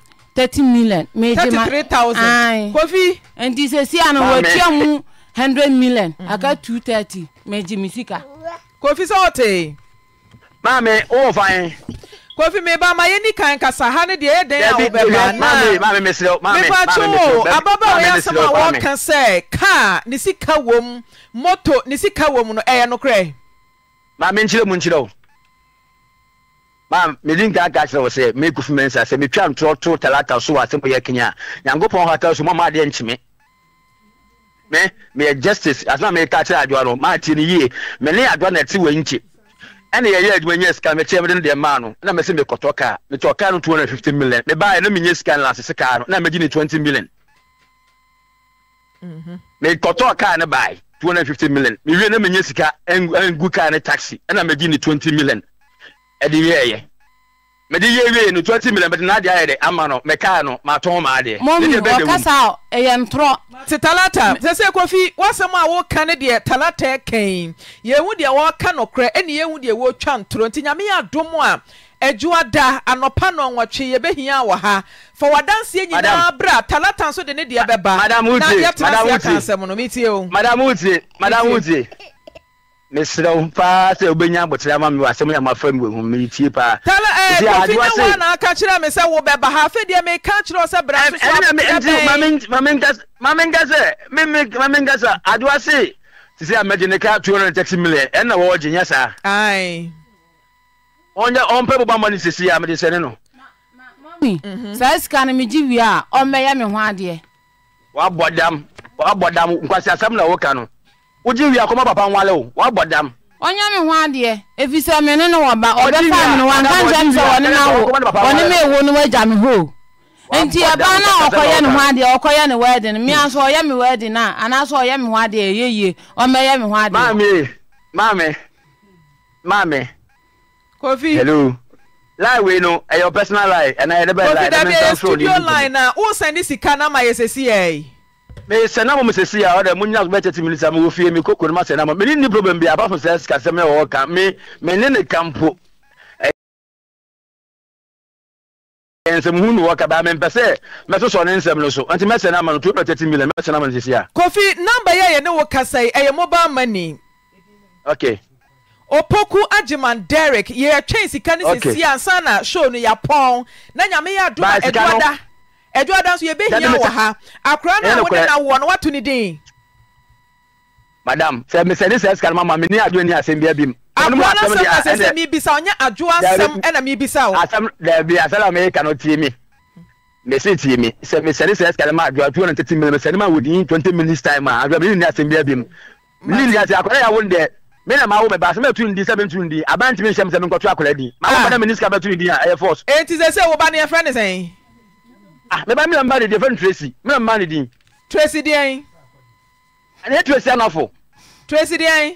thirty million. thirty three thousand. kofi. nti sisi àná wọ́n tí mu hundred million. Mm -hmm. two thirty méjì mi sika. kofi sọ tè. maami o fa yẹn. kofi mi ba ma ye ni kan kasa ha ni deɛ ɛdɛn awo bɛ ba naa mipatu ababaawa yɛ asɛm a wɔka sɛ kaa ne sika wɔ mu moto ne sika wɔ mu no ɛyɛ nokorɛ. maami n kyerɛ mu n kyerɛ o maam mede nka ka kyerɛ wo sɛ mekufu me nsa sɛ metwa ntorɔto talata so wɔ asɛm yɛ kenya a nyankopɔn hata so mama adeɛ nkyeme me meyɛ justice asɛm a meka kyerɛ adwoa no maatie no yie mene adwoa na ɛte wɔ nkye ɛne yɛyɛ adwuma nyɛ sika mekyɛ mede no deɛ maa no na mɛsɛ mekɔtɔ kaa metɔ kaa no 250 million mebaɛ na menyɛ sika no lasese kaa no na megye ne 20 million mekɔtɔ kaa no bae 250 million mewie na menyɛ sika ngu kaa ne taxi ɛna megye ne 20 million ɛde wie yɛ mɛde wie wie no twenty million bɛtɛ n'adeɛ ayɛ dɛ ama no mɛ kaa no ma tɔn maa deɛ. mɔmi ɔkasa ɛyɛ ntorɔ. ti talata sese kofi wasɛm a wɔka ne deɛ talata kɛn yɛn deɛ wɔka nɔkorɛ ɛni yɛn deɛ wɔtwa ntorɔ nti nyame yɛ adomu a adwuma da anɔpa na ɔnwɔtwe yɛbɛhia wɔ ha fa wadanseɛ nyinaa bra talata nso de ne deɛ bɛba na yɛtena se aka nsɛm no metie o. madam wutie madam wutie mesrɛ wo paa sɛ wobɛnya abotire ama me wɔ asɛm nyama fa me wɔhu meretie paa eh, kyerɛ me sɛ wobɛba ha afei meka kyerɛ sɛ bra sɛ mamenka sɛ adewa se te sɛ amɛgye ne ka 230 million ɛna wɔwɔ gye nyɛ saa ɔmpɛ boba sesi a mede sɛne no mhm. saa sika no megye wie a ɔmmɛyɛ me ho adeɛ wabɔ dam wabɔ dam nkwasi na woka no wogye wie papa nwale o wabɔ dam ɔnya me ho adeɛ ɛfisɛ mene ne wɔba ɔbɛfa mene wanka nkyɛm sɛ ɔne no wo ɔne nti a ɔkɔyɛ ne ho adeɛ ɔkɔyɛ ne wedding mea so ɔyɛ me wedding a anaasɛ ɔyɛ me ho adeɛ ɛyɛ yie maame maame maame kofi hello eh, line wei no ɛyɛ personal line ɛna line studio line a sika na ma mɛ sɛnamɔ mi sɛsi a ɔdɛ mo nyina bɛ tɛti minisa mi wo fie mi ko kɔnima sɛnamɔ mɛ ni ni problem bi a e, b'a fɔ sɛ sika sɛm yɛ wɔwɔ kan mɛ mɛ ne ne kan po nsɛm hu ni wɔ ka baa mɛ mpɛ sɛ mɛ sɔsɔ ne nsɛm no so nti mɛ sɛnamɔ no two hundred thirty kofi namba yɛ yɛ ne wo kasa e yi ɛyɛ mobile money. okay. opoku agyeman derek yɛtwɛn sika ne sisi ansa na show no yɛ pɔn na nyame yɛ adum eduada ɛdu adan so yɛbɛhia wɔ ha akora no a wode na wɔ no wato ne din madam sɛ mesɛne sɛ sika no mama mene adwo ni asɛm bia bim akora no asɛm na sɛ sɛ mebisa ɔnyɛ adwo asɛm ɛna mebisa wo asɛm daabi asɛm na meyɛka no tie me mesi tie me sɛ mesɛne sɛ sika no ma adwo atwo no tete mmele mesɛne ma wodin 20 minutes time a adwo mene ni asɛm bia bim mene ni asɛm akora yɛ wo ndɛ me na maa wo bɛba asɛm ɛtu ndi sɛ bɛ ntu ndi abantumi nhyɛm sɛ menkɔto akora di maa ah. wo bɛ na mene sika bɛtu ndi a ɛyɛ force enti sɛ sɛ wo ba no yɛfrɛ ne sɛn ah meba mi na mba ne deɛ fɛn tracy mi na mba ne din. tracy deɛn. ɛnɛ tracy anafo. tracy deɛn.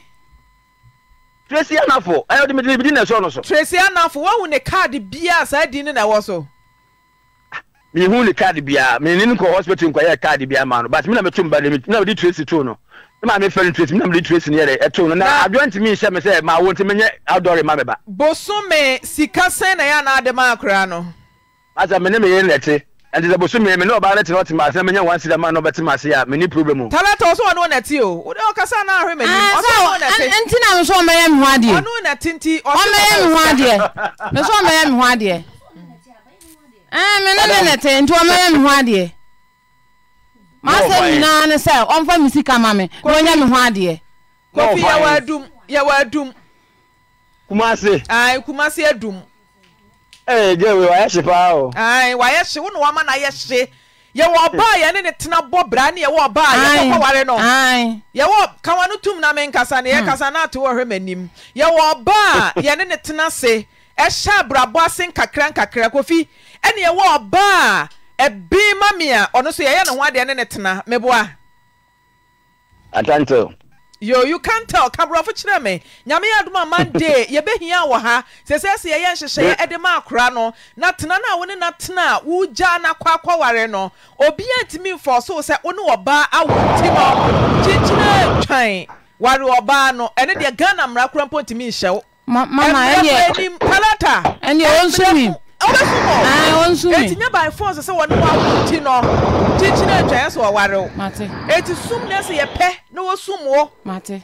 tracy anafo ɛyɛ ɔdi mi di mi di na ɛsɔ no so. tracy anafo wɔn hu ne kaadi bia saa di ne na ɛwɔ so. mi hu ne kaadi bia mi ni nkɔ hospital nkɔ yɛ kaadi bia ma no but mi na mi to mba de mi na mi di tracy to no mi maa mi fɛn tracy mi na mi di tracy ne yɛrɛ ɛto no na adwanti mi nhyɛ mi sɛ maa wo nti mi nyɛ adɔre ma mi ba. bosom sika sɛn na yɛ anaadɛ maa koraa no. asa mi ne mi yɛ nɛte ɛnti sɛ bosu mmienu mi na ɔbaa ne tena ɔtema ase na menya wɔn asida maa na ɔbɛtema ase a mɛ problem o. talata ɔsɔ ɔno na o ɔde ɔkasa na ahwɛ mɛ ni ɔsɔ ɔno na ti. nti na nso ɔmɛyɛ mi ho adeɛ. ɔno na ti nti ɔsɔ ɔmɛyɛ mi ho adeɛ nso ɔmɛyɛ mi ho adeɛ. ɛn mi ne ne na ti nti ɔmɛyɛ mi ho adeɛ. maa sɛ nyinaa ne sɛ ɔmfa mi sika ma mi na ɔnyɛ ɛyɛ gɛwe wayɛ hye paa o. ayi wayɛ hye wo na wama na yɛ hye yɛwɔ ɔbaa yɛ ne ne tena bɔ hmm. eh, bra ne yɛwɔ ɔbaa yɛ kɔkɔ ware no yɛwɔ kawa no tum na me nkasa ne yɛkasa na ate wɔhwɛ m'anim yɛwɔ ɔbaa yɛ ne ne tena se ɛhyɛ abrabɔ ase nkakra nkakra kofi ɛne yɛwɔ ɔbaa ɛbi mami a ɔno so yɛyɛ ne ho adeɛ ne ne tena meboa. atanto yo you can tell kaborɔfo kyerɛ me nyame yɛ mande monday yɛbɛhia wɔ ha sɛ sɛ sɛ yɛyɛ nhyehyɛeɛ ɛde ma akora no na tena no a wo ne na tena a wogya na kɔ akɔware no obia ntumi mfɔ so sɛ wo ɔbaa awo nti no kyikyina twan ware ɔbaa no ɛne deɛ ghana mmara kora mpo ntumi nhyɛ wo mama ɛyɛ palata ɛne ɔbɛsumɔ ɔnsumi ah, eti nye by force sɛ wɔn mu awo ti no kyinkyin atwa yɛ sɛ ɔware o mate eti sum na ɛsɛ yɛ pɛ na wɔsum wɔ mate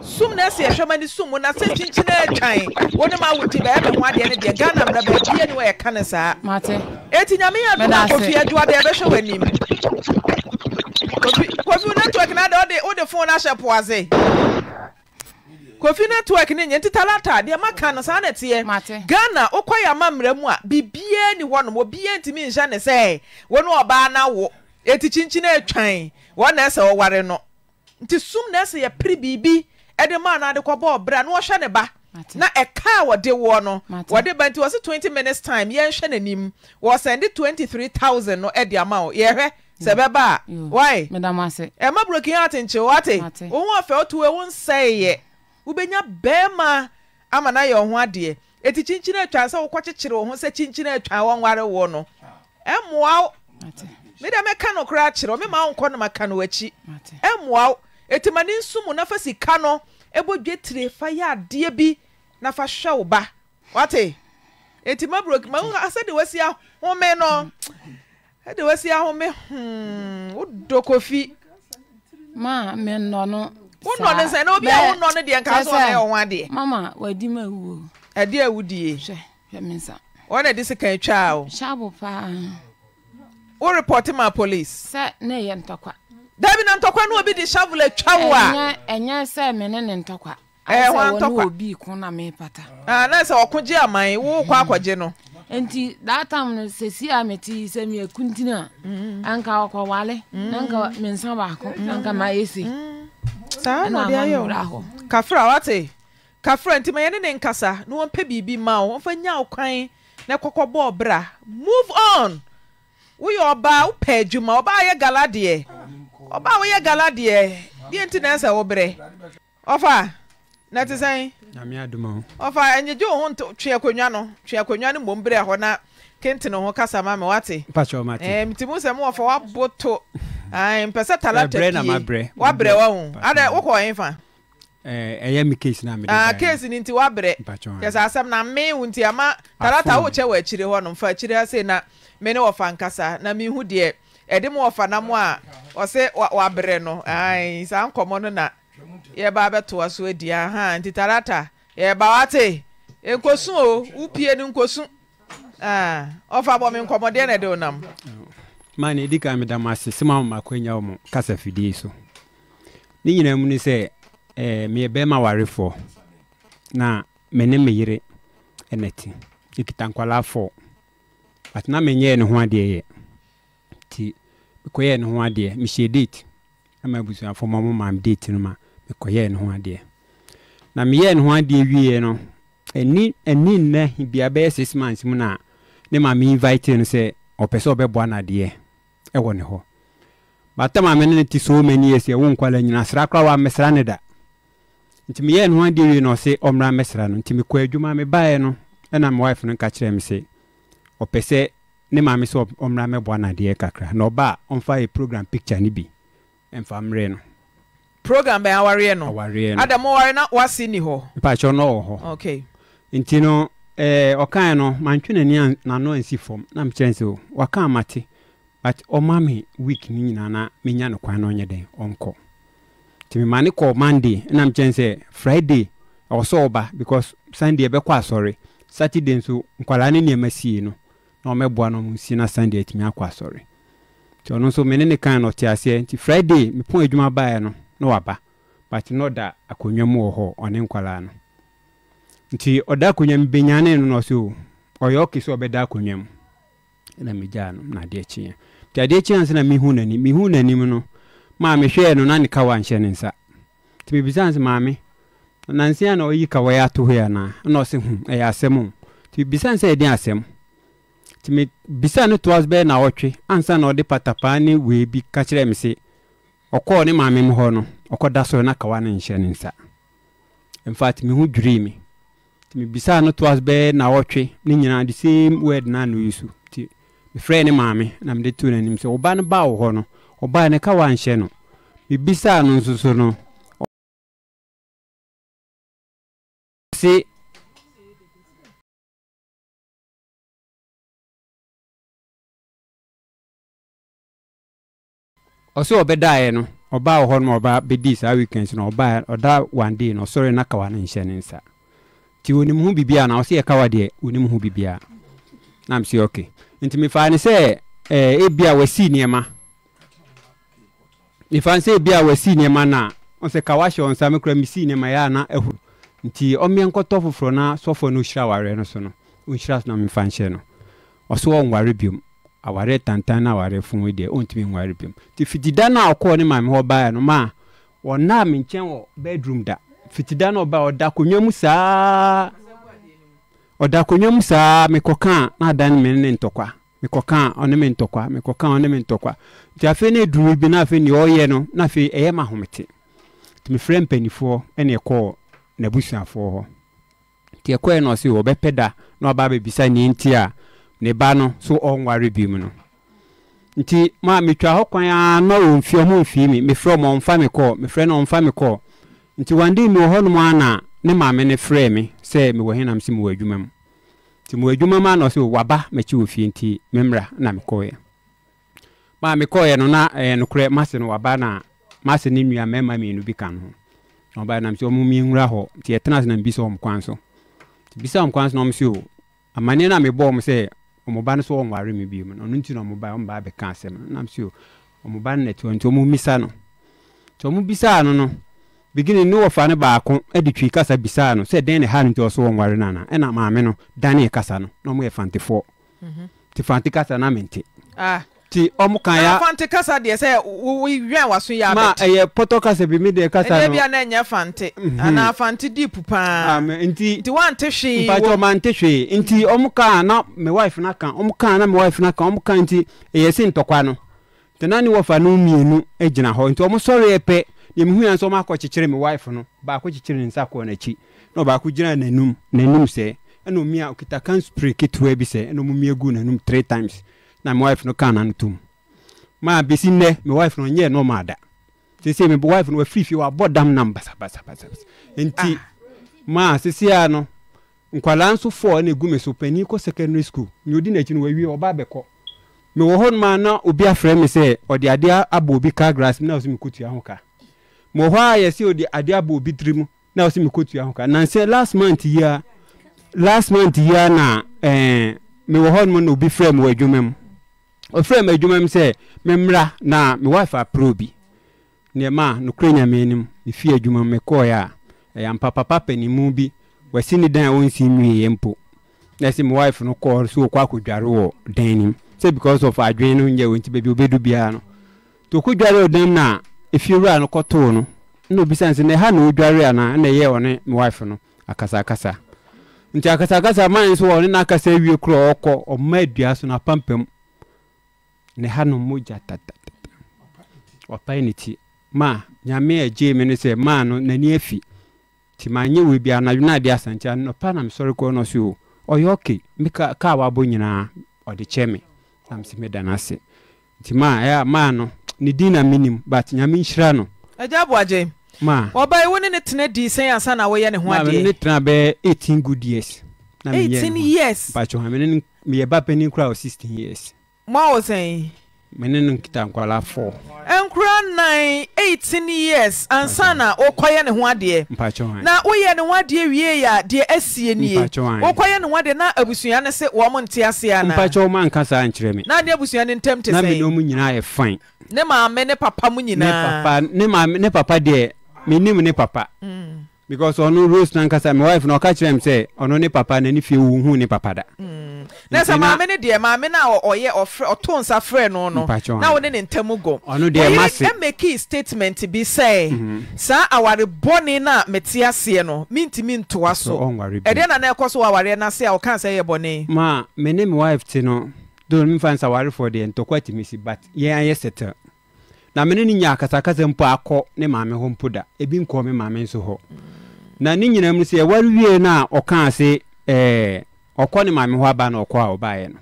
sum na ɛsɛ yɛhwɛ ma ni sum na sɛ kyinkyin atwan wɔn mu awo ti bɛyɛ bɛ ho adeɛ ne deɛ ghana mmerɛ bɛyɛ bie ni wɔyɛ ka ne saa mate eti nyame yɛ adum akɔfi adua deɛ ɛbɛhwɛ wɔ anim kofi kofi network na de ɔde ɔde phone ahyɛ poase kofi network ne nyɛ nti talata deɛ maka mm. no saa na teɛ ghana wokɔ yɛ ama mmerɛ mu a biribiaa ni hɔnom obiaa ntumi nhyɛ ne sɛ wɔne ɔbaa no awo ɛti kyinkyin atwan wɔn na ɛsɛ ɔware no nti sum na ɛsɛ yɛ pere biribi ɛde maa no ade kɔbɔ ɔbrɛ a na wɔhwɛ ne ba na ɛka a wɔde wɔ no wɔde ba nti wɔsi twenty minutes time yɛnhwɛ n'anim wɔsɛnde twenty three thousand no ɛde ama wo yɛhwɛ sɛ bɛba a wae ɛma burokin atenkyew ate ohun ɔfɛ otu ewu nsɛn yɛ. wobɛnya bɛrima ama no ayɛ wo ho adeɛ eti kyinkyini atwa sɛ wokɔkyekyere wo ho sɛ kyinkyini atwa wɔnware wo no ɛmmoa wo medɛ mɛka no koraa kyerɛ me ma wonkɔ no maka no w'akyi ɛmmoa wo ɛti ma ne nsu mu na sika no ɛbɔ dwa tire fa yɛ adeɛ bi nafa fa hwɛ wo ba wate ɛti ma buro ma sɛde wasi ahome no sɛde wasi ahome hmm wodɔ kofi maa me nnɔ no wonɔ ne nsɛn na obi a wonɔ ne deɛ nka so ɔna ɛwɔ ho mama ọ dị ewu o. ɛdi ewu di hwɛ hwɛ mi nsa. wɔn na ɛde sika etwa o. shaabo paa. wo report ma police. sɛ ne yɛ ntɔkwa. dabi na ntɔkwa eh, na obi de shovel etwa twa wa. ɛnyɛ ntɔkwa. ɛɛ wɔn ntɔkwa ayɛ ah, sɛ obi kun na mi pata. aa na sɛ ɔko gye aman wo kɔ mm-hmm. akɔgye no. nti that time no sesi a mete sɛ mi ekuntini mm-hmm. anka wale. Mm-hmm. anka mi nsa baako anka ma esi. saa na ɔde ayɛ o kafra wate kafra nti ma yɛne ne nkasa na wɔmpɛ biribi ma wo wɔmfa nya wo na kɔkɔ bɔɔ bra move on woyɛ ɔbaa wopɛ adwuma ɔbaa yɛ gala deɛ ɔbaa woyɛ gala deɛ deɛ nti na ɛsɛ wo berɛ ɔfa na te sɛn ɔfa ɛnyegye wo ho twe akonnwa no twe akonnwa no mmom berɛ hɔ na kente ho kasa ma me wate mtimu sɛ mowɔfa woaboto talata mpɛ sɛ talatapiewbrɛ wo ad wokɔ ɛfa ɛyɛ me case no ah, case no nti woabrɛ yɛ sɛ asɛm na me wo nti ama talata wokyɛ wɔ akyire hɔ no mfa akyire ha na me ne wɔfa nkasa na mehu deɛ ɛde mu wɔfa na mu a ɔsɛ wabrɛ no saa nkɔmmɔ no na yɛba bɛtoa so adi aha nti talata yɛba wate nkosu o wopie no nkosu ah, ɔfa bɔ me nkɔmmɔdeɛ na ɛde wo nam maana ɛdi meda mo ase sɛ ma mama kwanya mo kasa fidie so ne nyinaa mu ne sɛ eh, meyɛ warefoɔ na me ne me yere ɛna Ekita nkwalaa na menyɛɛ ne ho adeɛ yɛ nti mekɔyɛɛ ne ho adeɛ mehyɛ date ama ma mo maam date no ma mekɔyɛɛ ne ho adeɛ na meyɛɛ ne ho adeɛ no nnɛ bia bɛyɛ six months mu na ne maame invite no sɛ ɔpɛ sɛ ɔbɛboa no adeɛ ɛwɔ ne hɔ batam maame mene no te so ma yɛ sɛ wo nkwala nyina sra kora wa mesra ne da nti meyɛɛ ne ho adeɛ na ɔse ɔmmra mesra no nti mekɔ adwuma mebaeɛ no ɛna me wife no ka kyerɛɛ me sɛ ɔpɛ sɛ ne maame sɛ ɔmmra mɛboa nadeɛ kakra na ɔbaa a ɔmfa yɛ program picture n'ibi bi ɛmfa mmerɛ no program bɛn awareɛ no awareɛ no adam ɔware na wase ni hɔ mpakyɛ no ɔwɔ hɔ okay nti no ɛɛ no n'ani n'ano fam na wakan ati ɔma me week ne nyinaa na menya no kwan na ɔnyɛ dɛn ɔnkɔ nti mema ne kɔɔ monday nam kyɛn sɛ friday ɔwɔ sɛ ɔba because sunday ɛbɛkɔ asɔre saturday nso nkwaraa ne nneɛma sie no na ɔmɛboa no ɔmusie na sunday atumi akɔ asɔre nti ɔno nso mene ne kan na ɔte aseɛ nti friday mepɔn adwuma baeɛ no na waba but no da akonnwa mu wɔ hɔ ɔne nkwaraa no nti ɔda akonnwa mu benyane no na ɔsɛ ɔyɛ ɔke sɛ ɔbɛda akonnwa mu na megyaa no na adeɛ kyeɛ nti adeɛ kyɛn sɛ na mehu n'anim mehu n'anim no maame hwɛɛ no na ne kawa nhyɛ ne nsa nti mebisa sɛ maame nanse a na ɔyi kawa yɛ ato hɔ yɛ anaa na ɔse hu ɛyɛ asɛm o nti mebisa sɛ ɛdeɛ asɛm nti mebisa no toas bɛyɛ na ɔtwe ansa na ɔde patapaa ne wei bi ka kyerɛ me se ɔkɔɔ ne maame mu hɔ no da so na kawa no nhyɛ ne nsa infact mehu dwirii me nti mebisa no toas bɛyɛ na ɔtwe ne nyinaa the same word na no yi so mefrɛ ne maame na mede too n'anim sɛ ɔba no baa wɔ hɔ no ɔbaa ne ka wanhyɛ no mebisaa no nso so no se ɔsɛ ɔbɛdaeɛ no ɔbaa wɔ hɔ no ɔba bɛdii saa weekends no ɔbaa ɔda one no ɔsɔre na kawa no nhyɛ ne nsa nti onim ho biribiaa na ɔsɛ yɛkawa deɛ onim ho biribiaa na mesɛ okay nti mefaa ne sɛ eh, ebi a wɔasi nneɛma mefaa ne sɛ ebi a wɔasi nneɛma na ɔsɛ ka wahyɛ wɔn nsa mekura mesi nneɛma yɛ a na nti ɔmmea nkɔtɔ foforɔ na sɔfoɔ no ɔhyira awareɛ no so no ɔnhyira so na memfa nhyɛ no ɔso ɔnware biom awareɛ tantan na awareɛ funu deɛ ɔntumi nware biom nti fitida no a ɔkɔɔ ne maame hɔ baeɛ no ma a ɔnaa me nkyɛn wɔ bedroom da fitida no ɔba ɔda akonnwa mu saa ɔda akonnwa mu saa a na ada me ne ntɔkwa mekɔkaa ɔne me ntɔkwa a ɔne me ntɔkwa nti afei ne aduru bi na afei neɛ ɔyɛ no na afei ɛyɛ ma ahomete nti mefrɛ mpanifoɔ ɛne ɛkɔɔ n'abusuafoɔ hɔ nti ɛkɔɛ no ɔse wɔbɛpɛ da na ɔba bɛbisa ne nti a ne ba no so ɔnware bi mu no nti ma metwa hɔ kwan a na ɔmfie ɔmo mfie me mefrɛ ɔma ɔmfa me kɔɔ mefrɛ no ɔmfa me kɔɔ nti wande mi wɔ hɔnom ana ne maame ne frɛ me sɛ mewɔ he nam sɛ mewɔ adwuma mu nti mewɔ adwuma mu ana ɔsɛ waba makyi wɔ fie nti memmra na mekɔɔyɛ maa mekɔɔyɛ no na ɛyɛ eh, nokorɛ mase no waba na mase ne nua mmarima mmienu bi ka no ho na nam sɛ ɔmo mienwura hɔ nti ɛtena ase na mbisa ɔmo kwan so bisa ɔmo kwan so na ɔmo sɛ o oh, amanneɛ no a mebɔɔ mo sɛ ɔmo no so ɔnware me bio mu no ɔno nti na ɔmo ba ɔmo asɛm no nam sɛ o ɔmo oh, no na nti ɔmo misa no nti ɔmo bisaa no no beginning ne wɔfa no baako eh, de twi kasa bisaa no sɛ dɛn ne ha no nti ɔso wɔ nware no ana ɛna maame no dane kasa no na ɔmoyɛ fantefoɔ mhm. nti fante kasa no mente ah. nti ɔmo kan ya ah, fante kasa deɛ sɛ wowiwia waso yɛ ma ɛyɛ pɔtɔ kasa bi mi deɛ kasa no ɛdɛbi a na ɛnyɛ fante mhm. anaa fante deep paa ah, nti nti wante hwee mpakyɛ ɔma nte hwee nti mhm. ɔmo kan na me wife na kan ɔmo kan na me wife na kan ɔmo kan nti ɛyɛ si ntɔkwa no nti na ne wɔfa no mmienu gyina hɔ nti ɔmo sɔre yɛ yɛmehu yɛn sɛ ɔma akɔkyekyere me wife no baako kyekyere ne nsa kɔɔ n'akyi na ɔbaako gyina n'anum n'anum sɛ ɛna omi a okita kan spray ketewa bi sɛ ɛna ɔmumi agu n'anum three times na me wife no kaa n'ano tom maa besi nnɛ me wife no nyɛɛ nɔɔma da sese me wife no wafiri fie wabɔ dam nam basabasabasa nti ah. maa sese a no nkwalaa nso fɔɔ ɛna egu me so panyin kɔ secondary school nea odi n'akyi no wawie ɔba abɛkɔ mewɔ hɔ no maa na obi afrɛ me sɛ ɔde adeɛ abɔ obi car glass na ɔsɛ me kutua ho mɔ hɔ a yɛ sɛ ɔde adeɛ abɔ obi tiri mu na ɔsɛ mekɔtua ho ka nansɛ last month yi a last month yi a na eh, mewɔ hɔ nom na obi frɛ me wɔ adwuma mu ɔfrɛ me adwuma mu sɛ memmra na me wife aprɛ obi nneɛma a nokorɛ nyame anim mefie adwuma mu mekɔɔeɛ a ɛyɛ ampapapa panimu bi wasi ne dan a wɔnsi nwieɛ mpo na ɛsɛ me wife no kɔɔ so wɔkɔ akɔdware wɔ dan nim sɛ because of adwene no nyɛ wɔ nti baabi obɛdu biara no nti ɔkɔdware wɔ dan mu no efiewura no kɔtoo no na obisa sɛ na ɛha na ɔdware anaa na ɛyɛ ɔne wife no akasakasa nti akasakasa man nso ɔne n'akasa awie kora ɔkɔ ɔma adua so na apampam na ɛha no mogya tatatata wapae ne ti ma nyame agyee me no sɛ ma no n'ani afi nti manyɛ wei bia anadwo no ade asa nti anɔpa na mesɔre kɔ no so o ɔyɛ oke me kaa wabɔ nyinaa ɔde kyɛ me na mesɛ meda no ase nti ma ɛa ma no ne din na menim but nyame nhyira no agya aboagye ma ɔba ewu ne ne tena di sɛn ansa na wɔyɛ ne ho adeɛ ma ne tena bɛɛ eighteen good years eighteen years mpatwo ha mene meyɛ ba panin koraa wɔ sixteen years mo a wɔ mene no nkita nkwalafo nkura nnan eighteen years Ansana na wokɔyɛ ne ho adeɛ na woyɛ ne ho adeɛ wie yɛ a deɛ asie nie wokɔyɛ ne ho adeɛ na abusua no se wɔn nte ase ana mpakyɛ wɔn anka nkyerɛ me na deɛ abusua no ntɛm te sɛn na me ne wɔn nyinaa yɛ fan ne maame ne papa mu nyinaa ne papa ne maame ne papa deɛ menim ne papa. Mm because ɔno rose nankasa my wife hmm. na ɔka kyerɛ m sɛ ɔno ne papa na fi fie wohu ne papa da na sɛ maame no deɛ maame no a ɔyɛ ɔto nsa frɛ no no na wode ne ntam gɔ ɔno deɛ mase ɛmɛki statement bi sɛ mhm. saa awarebɔne no a mete aseɛ no mentimi ntoa so ɛdeɛ na na ɛkɔ so wɔ na se ase a ɔka sɛ yɛ bɔne ma me ne my wife te no do memfa nsawarefoɔ deɛ ntɔkwa timi si but yɛn ayɛ settle na mene ne nya akasakasa mpo akɔ ne maame hɔ mpo da ebi nkɔ me maame nso hɔ na ne nyinaa mu sɛ ɛware wie no a ɔkaa se ɛɛ ɔkɔ ne maame hɔ aba na ɔkɔ a ɔbaeɛ no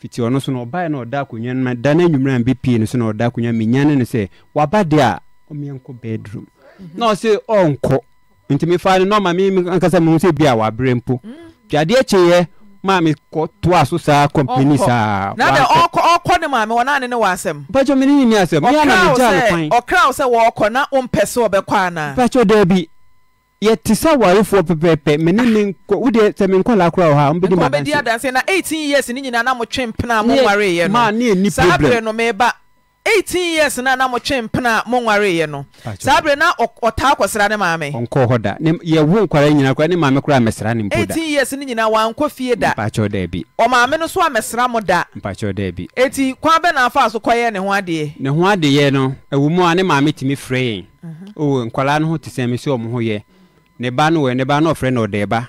fiti ɔno so na ɔbaeɛ na ɔda akonnwa no ma da na anwummerɛ a mbɛpie no so na ɔda akonnwa menya ne no sɛ waba deɛ a ɔmeɛnkɔ bedroom na ɔse ɔnkɔ nti mefa no na ɔma me ankasa mehu sɛ bi a wabrɛ mpo nti adeɛ kyeeɛ maame to aso saa company saa ɔkɔ ne maame wɔnaane ne wɔ asɛm mpakyɛ mene nini asɛm meanamegyaa no kwan ɔkra wo sɛ wɔɔkɔ na wompɛ sɛ wɔbɛkɔ anaa mpakyɛ daa bi yɛte sɛ awarefoɔ pɛpɛpɛ mene me wodeɛ sɛ menkɔla kora wɔ ha mbɛdi madanse na 18 years ne nyinaa na motwe mpena a no saa berɛ no meba 18 years na na motwe mpena mo nwareeɛ no saa berɛ na ɔtaa kɔsra ne maame ɔnkɔ hɔ da yɛwo nkwara nyina kora ne maame koraa mɛsra ne mpo da 18 years no nyinaa wankɔ fie da mpakyɛw da bi ɔmaame no so amɛsra mo da mpakyɛw da eti kwan bɛ na afa so kɔyɛ ne ho adeɛ ne ho adeɛ no ewu mu a ne maame tumi frɛ yɛn mhm. o nkwaraa no ho te sɛ me sɛ ɔmo ho yɛ ne ba no wɔ ne ba no ɔfrɛ no ɔda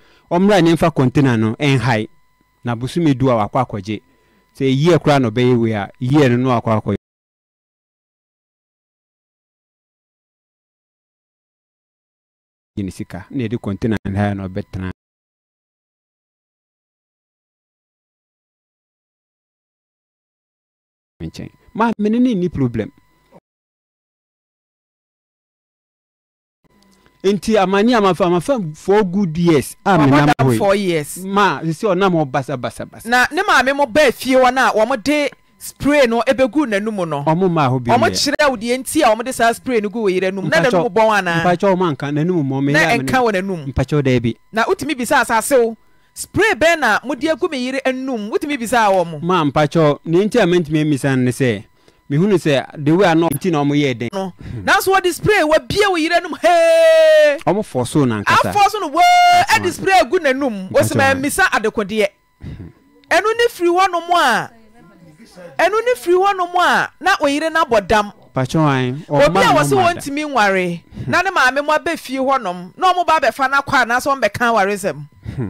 ɔmmra ne mfa container no ɛnhae na bosome du a wakɔ akɔgye sɛ yie koraa na ɔbɛyɛ wei a yie no no wakɔ akɔgye ne sika na yɛde container no hae ɔbɛtena nkyɛn ma mene ne nni problem nti amani amafa amafa four good years a mi nam hɔ four years ma sisi basa basa. na ne maame mo bɛɛ fie wɔn a wɔn de spray no ebegu n'anum no. ɔmo maa ho bi yɛ ɔmo kyerɛ awo nti a ɔmo de saa spray no gu wɔ yɛrɛ num na n'anum bɔn wɔn ana. mpatsɛ ɔmo anka n'anum mɔ mi. na ɛnka wɔ n'anum. mpatsɛ ɔda ebi. na utumi bi sa asasew spray bɛn na mo de egu mi yiri anum utumi bi sa awɔ mo. maa mpatsɛ ne nti a mɛntumi emisa ne sɛ mehunu sɛ the way anọ nti na ọmụ yɛ den. no nanso wɔ display wɔ bie wɔ yire nom hee. Ọmụ fɔ so na nkasa afɔ so no wee ɛ display egu n'anum osima mmisa adekodeɛ ɛnu ne firi hɔ nom a ɛnu ne firi hɔ nom a na oyire n'abɔ dam. patron obi a wọsi wɔn ntumi nware Naanị maame mo abɛ fie hɔ nom na ɔmo ba abɛfa n'akɔ anaasɛ ɔmo bɛka awaresɛm hmm.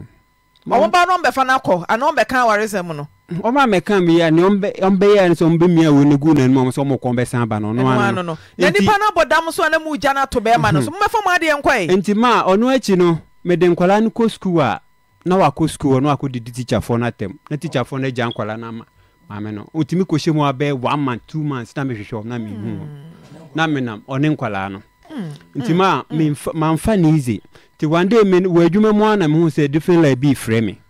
ɔmo ba na ɔmo bɛfa n'akɔ ana ɔmo bɛka awaresɛm no. ọba mẹka mi ya ni ọbẹ ya ni sọ ọbẹ ya wo ne gu n'anim ọmọ sọ ọmọ kọ ọbẹ san ba n'ọno ano na nipa náà bọ so a ne mu gya n'ato bẹẹma no mhm. so mmẹfọ mu adiẹ nkọ yi. nti ma ọno akyi no mede nkwadaa no kọ sukuu a na wakọ sukuu hɔ na wakọ didi tikyafoɔ no atam na tikyafoɔ no agya nkwadaa no ama maame no otumi kɔ mu abɛɛ one month two months na mehwehwɛ na mehu hmm. na menam ɔne nkwadaa no hmm. nti ma hmm. mamfa ne easy nti one day wɔadwuma mu a mehu sɛ different life bi frɛ me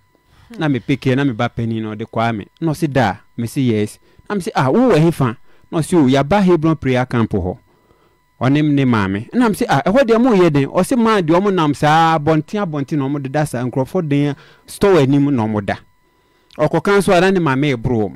na mepeke na meba panin no ɔde kwaa me na ɔse da me mese yes na mese a ah, wowɔ he fa na ɔse o oh, yɛaba hebron prayer camp hɔ ɔnem ne maame na mese a ah, ɛhɔ deɛ moyɛ den ɔse maa deɛ ɔmo nam saa abɔnten abɔnten na ɔmo deda saa nkurɔfo den store anim na ɔmo da ɔkɔka nso ara ne maame ɛboro wɔm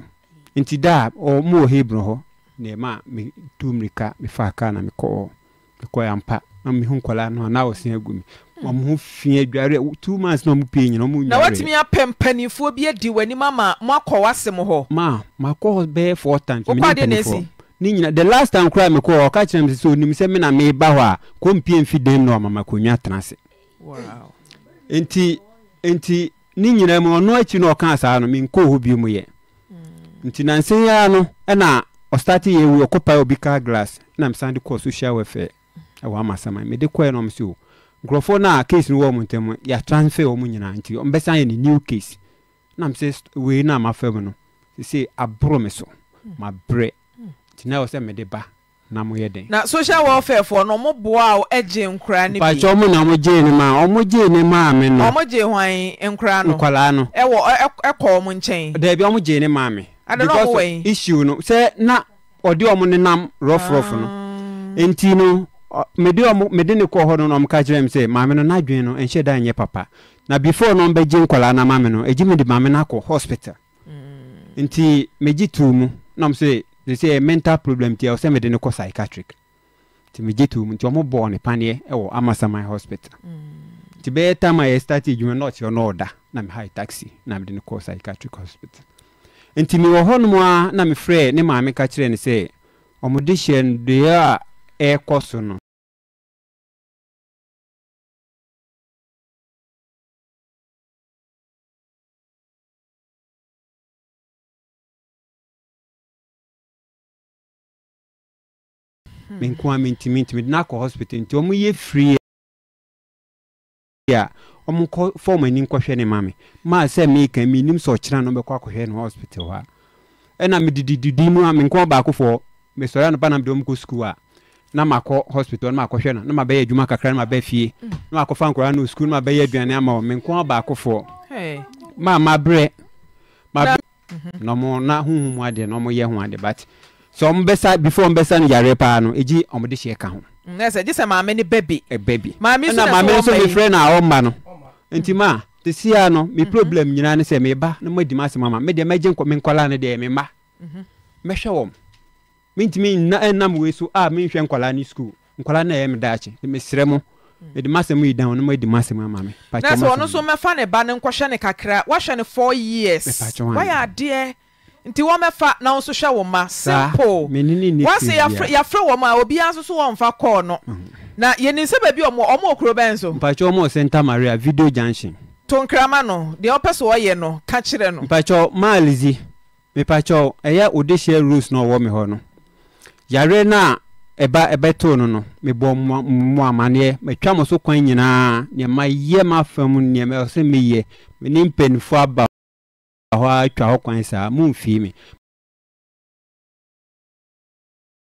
nti da a ɔmo wɔ hebron hɔ na ɛma me tu mirika mefa kaa na me mekɔɛ ampa na mehu nkɔlaa no a na ɔsen agu me wɔn ho fi adware two months na wɔn pie nyina wɔn nyare na wɔtumi apɛ mpanimfoɔ bi adi wɔn anim ama mo akɔ w'asɛm hɔ. ma ma kɔ hɔ bɛyɛ four times mi ni mpanimfoɔ ne nyina the last time koraa mi kɔ hɔ ɔka kyerɛ mi sɛ onim sɛ mi na mi ba hɔ a kɔ mpie mfi dan mu na ɔmama kɔ nwa tena ase. nti nti ne nyina mu ɔno akyi na ɔka saa no mi nkɔ hɔ bi mu yɛ hmm. nti nansi yi ano ɛna ɔstati yɛ wu ɔkɔpa obi car glass ɛna mi san de kɔ social welfare ɛwɔ ama sama mi de kɔ yɛ na ɔmo si o nkurɔfoɔ no a case no wɔ mu ntɛm yɛatransfer wɔ mu nyinaa nti ɔmbɛsan yɛ ne new case nam sɛ wei no a mafa mu no sese aboro me so mm. mabrɛ mm. nti na ɛwɔ sɛ mede ba na moyɛ den na social welfare foɔ no ɔmo boa a ɛgye nkora no bi ɔmo na ɔmo gyee ne ma, ɔmo gyee ne maa me no ɔmo gyee hwan nkora no nkwaraa no ɛwɔ ɛkɔ ɔmo nkyɛn daabi ɔmo gyee ne ma me because issue no sɛ na ɔde ɔmo nenam rɔfrɔf no ah. nti no mede mede ne kɔɔ hɔ no na ɔmka kyerɛ me sɛ maame no n'adwene no ɛnhyɛ da nyɛ papa na before no ɔmbɛgye nkɔlaa na mame no ɛgye mede maame no akɔ hospital mm. nti megye too mu na mse sɛ sɛ mental problem ti ɛwɔ sɛ mede no kɔ psychiatric nti megye too mu nti ɔmo bɔɔ ne paneɛ ɛwɔ amasaman hospital mm. nti bɛyɛ time a yɛstarte adwuma na ɔkyerɛ no ɔda na mehae taxi na mede no kɔ psychiatric hospital nti mewɔ hɔ nom a na mefrɛ ne maame ka kyerɛ ne sɛ ɔmode hyɛ ndeɛ a ɛrekɔ so no menko a mentimi ntimi de nakɔ hospital nti ɔmo yɛ firi a ɔmo kɔ fɔm ani nkɔhwɛ ne maame maa sɛ meeka mi sɛ ɔkyerɛ no bɛkɔ akɔhwɛ no hospital a ɛna mu a menko baakofoɔ mesɔre anɔpa na mede sukuu a na makɔ hospital na makɔhwɛ no na mabɛyɛ adwuma kakra na mabɛ fie hmm. na makɔfa no sukuu na mabɛyɛ aduane ama menko mhm. na na adeɛ na sɛ ɔmbɛsa before ɔmbɛsa no yareɛ paa no ɛgye ɔmode hyeɛ ka ho ɛsɛ mm, gye sɛ maame ne bɛbi eh, bɛbi ɛna maame nso mefrɛ no a ɔmma no nti ma te sia no me mhm. problem nyinaa ne sɛ meba na moadi m'asɛm ama medeɛ mɛgye me nkɔlaa ɛnam mhm. wei so a ɛyɛ me daakye mesrɛ mo mm. mede yi dan ama na sɛ ɔno nso mɛfa ne ba ne kakra years nti wɔn mɛfa na wɔn nso hwɛ wɔn ma simple wɔasi yafrɛ wɔn a obiara nso so wɔn fa kɔɔ no mm. na yɛn nsa baabi wɔn wɔn okuro bɛn so. mpatsɛ wɔn wɔ sɛnta maria video junction. tonkrama no deɛ ɔpɛ so ɔyɛ no ka no. mpatsɛ maalizi mipatsɛ ɛyɛ odehyiɛ rose na ɔwɔ mi hɔ no yare na ɛba ɛbɛto no no mebɔ mu amaneɛ matwa mo so kwan nyinaa nneɛma yɛ ma fam nneɛma ɛsɛ meyɛ ne mpanimfoɔ aba. hɔ atwa hɔ kwan saa mumfii me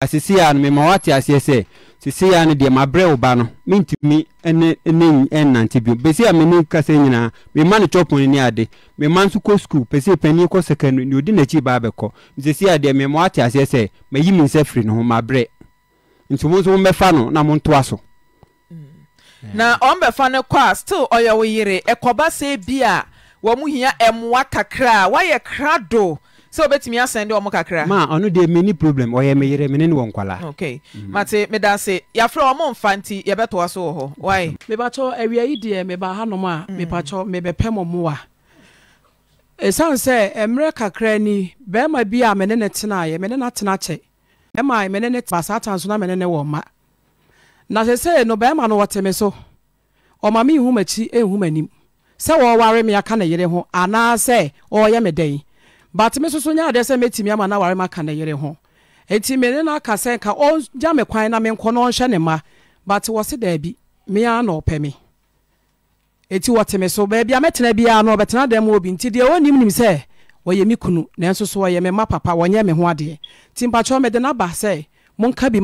asisi no mema wate aseɛ sɛ sisi a no deɛ mabrɛ wo ba no mentumi nnante bio bɛsi a mene kasa nyinaa mema no tɔpon ne ade mema nso kɔ skul pɛ pani kɔ secondary ne ɔdi n'akyi baa bɛkɔ sisi deɛ mema wate aseɛ sɛ mayi me nsa firi ne ho mabrɛ nti mo nso mommɛfa no na montoa so mm. na ɔmbɛfa no kɔ a still ɔyɛ wo yere ɛkɔba sɛ bi a wɔn hia ɛmoa kakra a wayɛ krado sɛ obetumi asɛn de wɔn kakra. maa ɔno deɛ mi ni problem ɔyɛ mi yere mi ne ni nkwala. ok mm -hmm. mate meda se yafra wɔn mfa nti yɛbɛtoa so wɔ hɔ wae. mibatɔ awia yi deɛ miba hanom a mipatɔ mibɛpɛ mm. mo mua esan sɛ mmerɛ kakra ni bɛrima bi a mene ne tena yɛ mene na tena kyɛ bɛrima a mene ne ba saa na mene ne wɔ ma na sɛ sɛ no bɛrima no wɔte me so ɔma mi ihu m'akyi ehu m'anim. sɛ wɔware me aka ne yere ho anaasɛ ɔyɛ me dɛn me soso adeɛ sɛ mɛtumi ama na ware me aka ne yere ho ɛnti mene no aka sɛ nka ɔgya kwan na menkɔ na ɔnhyɛ ne ma daabi mea na ɔpɛ me wɔte me so baabi a mɛtena biara no ɔbɛtena dɛm wɔ bi nti deɛ ɔnim nim sɛ wɔyɛ me kunu nanso so wɔyɛ me ma papa wɔnyɛ me ho adeɛ nti mede no aba sɛ monka bi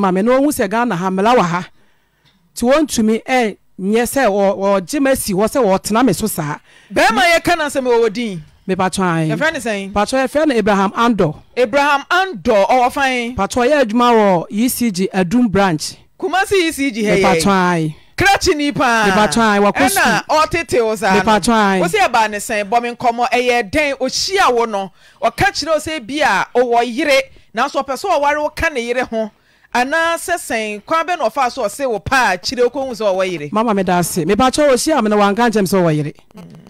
nyɛ sɛ ɔgye ma si hɔ sɛ wɔtena me so saa. bɛrima yɛ ka n'asɛm wɔ din. mepatɔ anyi. yɛfrɛ ne sɛn. patɔ yɛfrɛ no abraham andor. abraham andor ɔwɔ fan. patɔ yɛ adwuma wɔ ecg adum branch. kumasi ecg hɛ yɛ. mepatɔ anyi. krakye ni paa. mepatɔ anyi wakɔ sukuu. ɛna ɔtete o saa no. mepatɔ anyi. wosi ɛbaa ne sɛn bɔmi nkɔmɔ ɛyɛ dɛn ohyia wo no ɔka kyerɛ o sɛ bi a ɔwɔ yere nanso ɔpɛ sɛ ɔware ka ne yere ho anaa sɛ sɛn kwan bɛ na ɔfa so ɔse wo paa kyire okɔhu sɛ ɔwɔ yere mama meda ase mepakyɛ wɔ hyia me na wanka nkyɛm sɛ ɔwɔ yere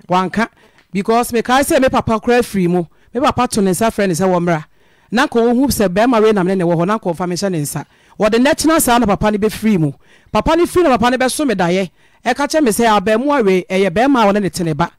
wanka because mekae sɛ me papa kora afiri mu me papa to ne nsa frɛ ne sɛ wɔmmra na nka wohu sɛ bɛrima wei nam ne ne wɔ hɔ na nka ɔmfa me hyɛ ne nsa wɔde nɛkyena saa na papa no bɛfiri mu papa no firi na papa no bɛso me daeɛ ɛka kyɛ me sɛ abaamuwa wei ɛyɛ bɛrima a wɔne ne tene ba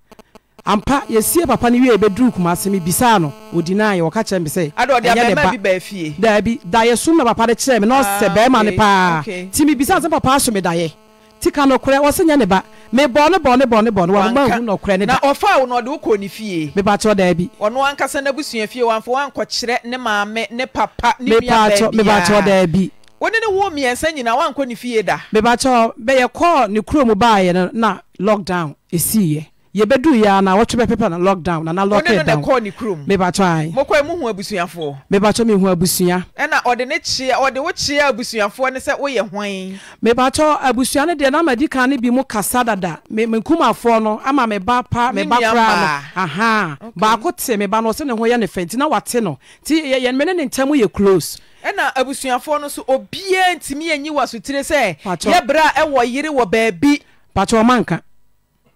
ampa yɛsie papa ni wie bɛduru kuma ase me bisaa no ɔdi naa yɛ wɔka kyerɛ me sɛ ɛyɛ ne ba daabi dayɛ som na papa de kyerɛ me na ɔsɛ ah, bɛrima ne paa nti mebisa sɛ papa aso me dayɛ tika nɔkorɛ wɔsɛ nyɛ ne ba mebɔ ne bɔ ne bɔ ne bɔ no wɔma hu nɔkorɛ ne da na ɔfa wo na ɔde wokɔ ne fie mebakyerɛ daabi ɔno ankasa n'abusua fie wamfa woankɔkyerɛ ne maame ne papa ne nuabaabia daabi wone ne wo mmiɛnsa nyinaa woankɔ ne fie da mebakyerɛ bɛyɛ kɔɔ ne kurom baayɛ na lockdown ɛsiiɛ yɛbɛdu yi a na wɔtwe bɛpepa na lockdown na na lockdown down ɔne no ne kɔ kurom mebatɔ ayi mokɔ emu hu abusuafoɔ mebatɔ mi hu abusua ɛna e ɔde ne kyia ɔde wo kyia abusuafoɔ ne sɛ woyɛ hwan mebatɔ abusua ne deɛ na di kan ne bi mu kasa dada me me nkumafoɔ no ama me ba pa me ba kura no aha okay. baako te me ba no ɔsɛ ne ho yɛ ne fɛ nti na wate no ti yɛ yɛn mene ne ntɛm yɛ close ɛna e abusuafoɔ no so obiara ntumi yɛ nyi wa sotire sɛ yɛ bere a ɛwɔ yere wɔ baabi patɔ ɔmanka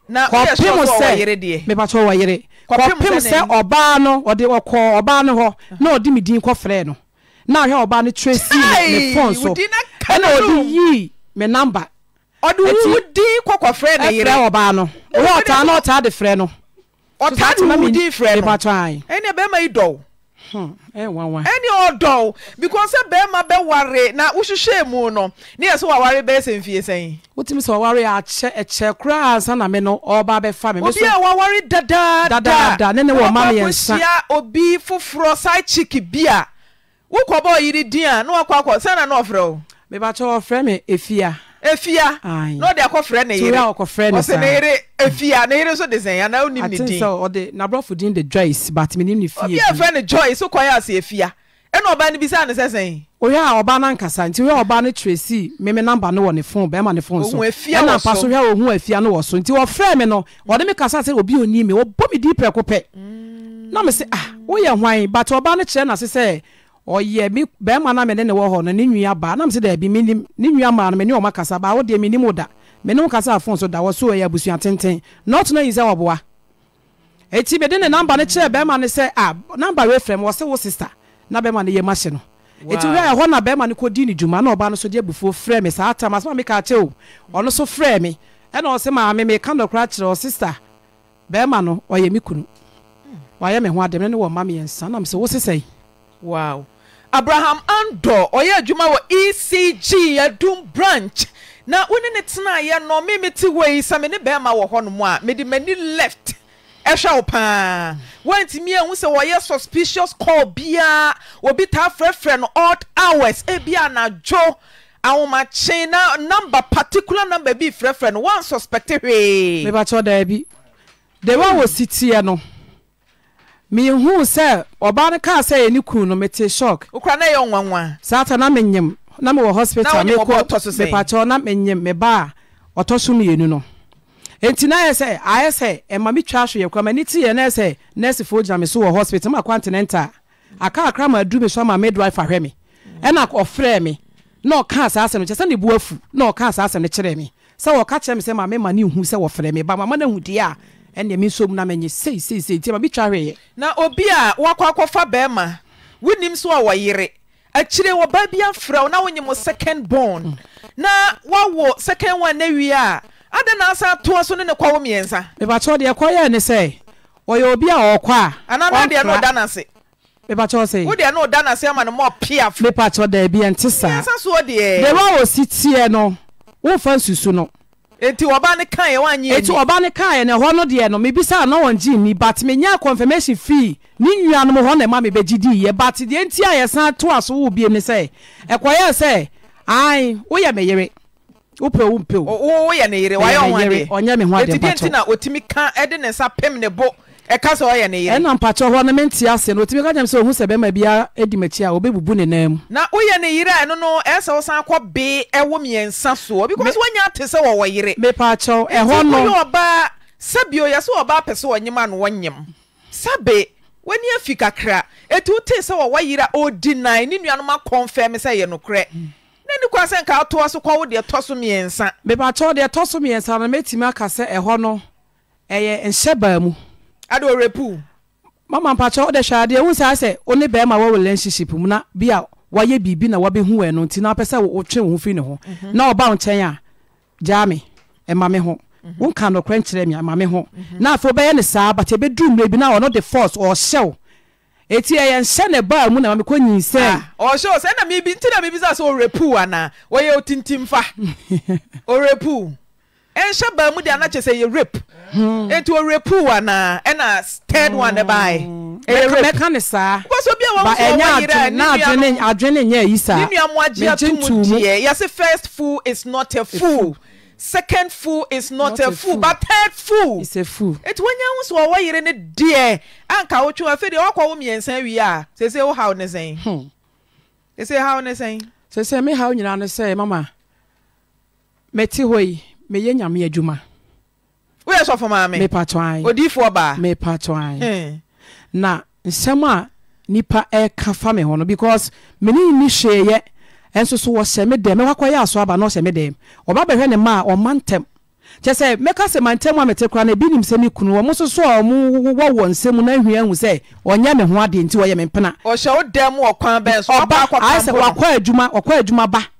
kɔpem sɛ mepatɔ wɔ yere kɔpem sɛ ɔbaa no ɔde ɔkɔ ɔbaa no hɔ na ɔde me din kɔfrɛ no na ahwɛ ɔbaa no trɛ si ne fon so ɛna ɔde yii me namba ɛfrɛ ɔbaa no ɔhɛ ɔtaa na ɔtaa de frɛ no ɔtaa de wudi frɛ no mepatɔ ae ɛne bɛma yi dɔw ɛne hmm, eh, ɔdɔw because sɛ bɛrima bɛware na wohwehwɛɛ mu no ne yɛ so waware bɛyɛ sɛ mfie sɛn wotumi sɛ waware akyɛ ɛkyɛ koraa ansa na me no ɔba bɛfa me obi waware dadaadaada ne ne wɔ ma meyɛnsa obi foforɔ bi a wokɔbɔ din a ɔfrɛ wo mebakyɛ ɔfrɛ me ɛfie e a efia na ɔde akɔfrɛ ne yere ɔsɛ ne yere efia ne yere nso de sɛn yana onim ne din ɔde n'abrɔfo din de joyce but mi nim ne fie obi efɛ ne joyce kɔyɛ ase efia ɛna ɔbaa no bisa ne sɛ sɛn. oyɛ a ɔbaa no ankasa nti oyɛ a ɔbaa no tracy meme namba no wɔ ne fon bɛrima ne fon so ɛna mpa so hwɛ ohun afia no wɔ so nti wɔfrɛ me no ɔde me kasa sɛ obi oni mi wɔbɔ me di prɛko pɛ mm. na me sɛ ah woyɛ hwan but ɔbaa no kyerɛ n'ase sɛ ɔyɛ mi bɛrima na mene ne wɔ hɔ no ne nua baa nam sɛ daabi menim ne nua maa no baa da kasa afon so da wɔ so abusua tenten na no yi sɛ wɔboa ah, ne namba kyerɛ bɛrima sɛ a namba wɔ na bɛrima no yɛm ahye no na bɛrima no kɔdi ne dwuma na no so de abufuo frɛ saa o ɔno so frɛ ɛna maame kyerɛ bɛrima no ɔyɛ abraham andor ɔyɛ adwuma wɔ ecg yɛdum branch na wone ne tenaeɛ no meme te hɔ yi sɛ me ne bɛrima wɔ hɔ nom a mede m'ani left ɛhwɛ wo paa woantumi ahu sɛ wɔyɛ suspicious call biaa obi taa frɛfrɛ no odd hours ebia anadwo ahomakye na number particular number bi frɛfrɛ no woansuspect hwee mebakyɛ daabi de wa wɔ sitiɛ no mehuu sɛ ɔbaa no kaa sɛ yɛne kuu no mete shock wokora na ɛyɛ nwanwa saa ta na menyem na mewɔ hospital mepakyɛw na menyem me a ɔtɔ so mmienu no na yɛ sɛ ayɛ sɛ ɛma metwa so yɛ kora m'ani na ese nursefoɔ gyina me so wɔ hospital ma continent a akaakra ma adu me so ama midwife ahwɛ me ɛna ɔfrɛɛ me na ɔkaa saa asɛm kyerɛ sɛ ne bu afu na ɔkaa saa asɛm no me sɛ wɔka kyerɛ me sɛ ma ne sɛ wɔfrɛ me ba a ɛnna mi nso mu na mɛ nye sei sei sei tiɛ ma mi twa hwɛ na obi a wakɔ akɔfa bɛrima wunim so a wɔyere akyire wɔbaa bi afra wo na wonye mo second born mm. na wawo second one na wie ada nasa asa toa so ne ne kwawo mmiɛnsa. mibatɔ deɛ kɔyɛ ne sɛ ɔyɛ obi a ɔkɔ a. anana deɛ no ɔda n'ase. mibatɔ sɛ. wo deɛ no ɔda n'ase ama no ma ɔpi afra. mibatɔ dɛbi ɛnti saa. mmiɛnsa so deɛ. deɛ wa si tiɛ no wofa nsusu no eti ɔba ne kan yɛ wanyi eti ɔba ne kan yɛ na ɛhɔ no deɛ no mebisa na wɔn gyi ni but menya confirmation fee ne nuanom hɔ na ɛma me bɛgye di yɛ but deɛ nti a yɛsan to aso wo bie ne sɛ ɛkɔyɛ sɛ ae woyɛ me yere wopɛ wo mpɛ o woyɛ ne yere wayɛ ɔnyɛ me ho adeɛ mpatɔ eti deɛ nti na otimi kan ɛde ne nsa pɛm ne bo ɛka sɛ ɔyɛ ne yere ɛna mpakyɛ hɔ no mente ase no ɔtumi ka gyam sɛ ɔhu sɛ bɛma bia adi m'akyi a wɔbɛbubu ne nan mu na woyɛ ne yere a ɛno no ɛɛ sɛ wosan kɔ bee ɛwɔ mmiɛnsa soɔ because woanya ate sɛ wɔwɔ yere mepakyɛw ɛhɔ no woyɛ ɔbaa sɛbio yɛ sɛ ɔbaa pɛ sɛ ɔnyem a no wɔnyem sɛbe w'ani afi kakra ɛti wotee sɛ wɔwɔ yere a ɔdi nan ne nuanom akɔmfɛm sɛ yɛ nokorɛ na ne kwa sɛ nka atoa so kɔ wo deɛ ɛtɔ so mmiɛnsa mepakyɛw deɛ ɛtɔ so mmiɛnsa no mɛtumi aka sɛ ɛhɔ no ɛyɛ nhyɛ baa mu adewerɛpu mama mpakyɛ wodɛ hwɛ adeɛ wo saa sɛ wo bɛrima wɔ relationship mu na bi a biribi na wabɛhu wɔ no nti na wopɛ sɛ wotwe wo ho firi ne ho mhm. na ɔba nkyɛn a gyaa me ɛma e me ho wonka nɔkorɛ na me ama me ho mhm. na afei wobɛyɛ ne saa but ɛbɛduru mmerɛ bi na ɔno de force ɔhyɛw ɛti ɛyɛ e nhyɛ ne baa mu na mamekɔ nyinsɛn ɔhyɛw ah, sɛ na nti na mebisa sɛ ɔwerɛ puu anaa wɔyɛ otintim fa ɔwerɛ ɛnhyɛ baa mu de ana kyɛ sɛ yɛ rape hmm. nti wɔrepu wa na ɛna third one ne baa hmm. mɛka ne saa because obi a adwene nyɛ eyi saa ne nua agye atum deɛ yɛsɛ first fool is not a fool second fool is not, not a, a fool, but third fool is a fool etu wɔn nyɛ ahosuo wɔn yere ne deɛ anka wotwi afei deɛ ɔkɔ wɔn mmiɛnsa wie a sese wo haw ne sɛn hmm. sese haw ne sɛn sese mi haw nyinaa ne sɛ mama mɛti hɔ yi. meyɛ nyame adwuma woyɛ sɔfo maame mepatɔ an baa na nsɛm a nipa ɛka fa me hɔ no because mene nni hweeyɛ ɛnso so wɔsɛ me dɛm aso aba na soso a nsɛm na hu sɛ ɔnyɛ me ho nti me mpena ɔhyɛ wo dɛm wɔ kwan bɛn so ɔba sɛ wakɔ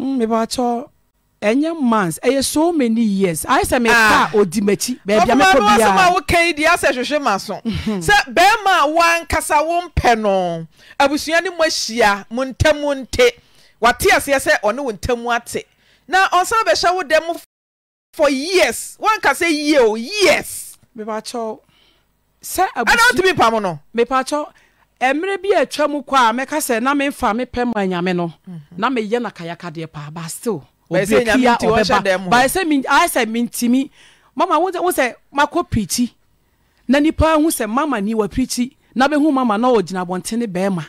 Mm, mebakyɛ ɛnyɛ months ɛyɛ so many years ayɛ sɛ meka ka ah. odi m'akyi baabi a mɛkɔ biara ɔfuma ma woka yi deɛ asɛ hwehwɛ ma so mhm. sɛ bɛrima a wankasa wo mpɛ no abusua ne mo ahyia mo ntam nte wate aseɛ sɛ ɔne wo ntam ate na ɔnsan bɛhyɛ wo dɛm for years wankasa yie o years. mebakyɛ sɛ abusua ɛna wotumi pam no. mebakyɛ mmerɛ bi atwa mu kɔ a mɛka sɛ na memfa mepɛ ma nyame no mhm. na meyɛ na kayakadeɛ paa ba still obɛkia ɔbɛba baɛ sɛ mentimi mama wo sɛ makɔ pirikyi na nipa hu sɛ mama ni wa pirikyi na bɛhu mama na ɔgyina abɔntene bɛrima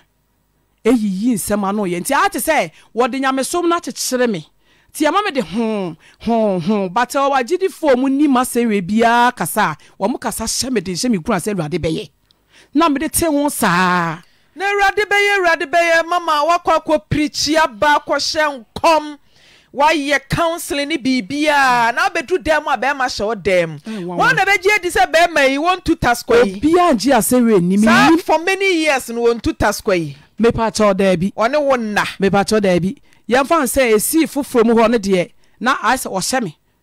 ɛyiyi nsɛm ano yɛ nti ate sɛ wɔde nyamesom no akyekyere me nti ama me de ho hmm, ho hmm, ho hmm. bata wɔ agyidifoɔ mu nim asɛm wɛ biara kasa a wɔn kasa hyɛ me de nhyɛ me na mede te ho saa na awurade bɛyɛ awurade bɛyɛ mama wakɔ akɔ pirikyi aba akɔhyɛ nkɔm wayɛ counseling ne biribiaa na wabɛdu dan mu a bɛrima hyɛ wo dan mu wɔn na bɛgye adi sɛ bɛrima yi wɔntu taskɔ yi obiaa gye asɛre anim saa for many years no wɔntu taskɔ yi mepakyɛw daabi ɔne wo na. mepakyɛw daabi yɛmfa n sɛ ɛsii foforɔ mu hɔ no deɛ na ayɛ sɛ ɔhyɛ me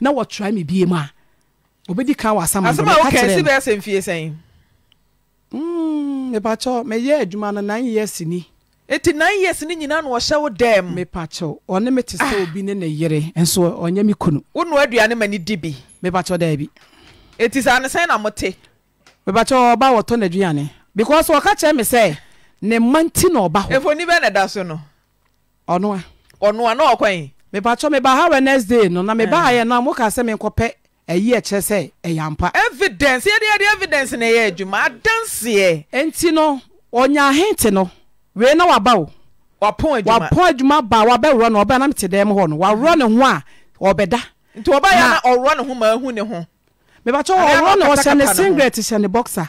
na wɔtra me bie mu a obɛdi ka wɔ asam asɛm a wokɛsi bɛyɛ sɛ mfie sɛn hmm, mepakyɛ meyɛ adwuma no nine years ni ɛti nine years no nyinaa na wɔhyɛ wo dɛm mepakyɛ ɔne mete sɛ ah. obi ne ne yere nso ɔnyɛ mi kunu wonoa aduane ma ne di bi mepakyɛ daabi ɛti saa ne sɛn na mote mepakyɛ ɔba wɔtɔ n'aduane because ɔka kyerɛ me sɛ ne mma nti na ɔba hɔ mfoni bɛ na ɛda so no ɔnoa ɔnoa na ɔkwan mepatɔ meba ha wednesday no na eh. meba ayɛ no a moka sɛ menkɔpɛ ɛyi ɛkyɛ sɛ ɛyɛ ampa. evidence yɛ de yɛ de evidence na ɛyɛ adwuma adanseɛ. nti no ɔnya ahente no wei na waba o. wapɔn adwuma wapɔn adwuma ba wabɛworɔ no ɔbɛn nam te dɛm hɔ no waworɔ ne ho a ɔbɛda. nti ɔbɛyɛ na ɔworɔ ne ho ma ehu ne ho. mepatɔ ɔworɔ ne ɔhyɛ ne singlet hyɛ ne boxer.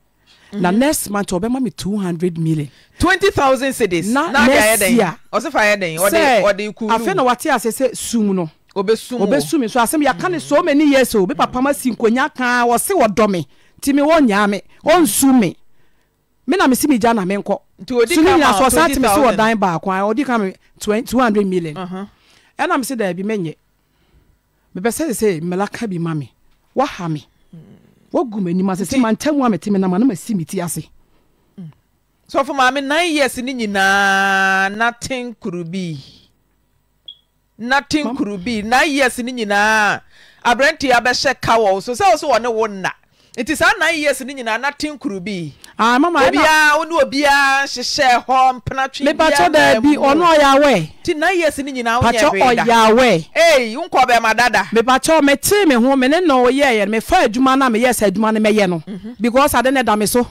na mhm. next month ɔbɛma me two hundred million. twenty thousand cities na next year ɔsi fa yɛ den ɔde ɔde kuru afei na wate ase sɛ sum no obesum o obesum so asɛm yaka ne so many years o bi papa ma si nkonya kan wɔsi wɔdɔ mi ti mi wɔnyaa mi ɔnsu mi mi na mi si mi gya na mi nkɔ sunu nyina so ɔsan ti mi si wɔ dan baako a ɔdi kan two hundred million ɛna uh-huh. mi si dɛbi mɛ nyɛ mɛ bɛ sɛ sɛ mɛla bi ma mi waha mi wogu m'anim ase sɛ mantam a mete me nam a na masi me ti ase sɔfo maame nine years ne nyinaa naten kuru bi naten kuru bi nine years ne nyinaa aberanteɛ abɛhyɛ ka so sɛ wo so wɔ ne wo na nti saa nine years ne nyinaa nate nkuru bi ah, obiaa wo ne obiaa hyehyɛ hɔ mpenatwe mepatɔ daabi ɔno ɔyɛ awɛ nti nine years ne nyinaa woyɛ bɛda ɔyɛ awɛ ei wonkɔ bɛma dada mepatɔ metee me ho me ne na ɔyɛɛyɛ no mefa adwuma no a meyɛ sɛ adwuma no mɛyɛ no mhm. because ade ne da me so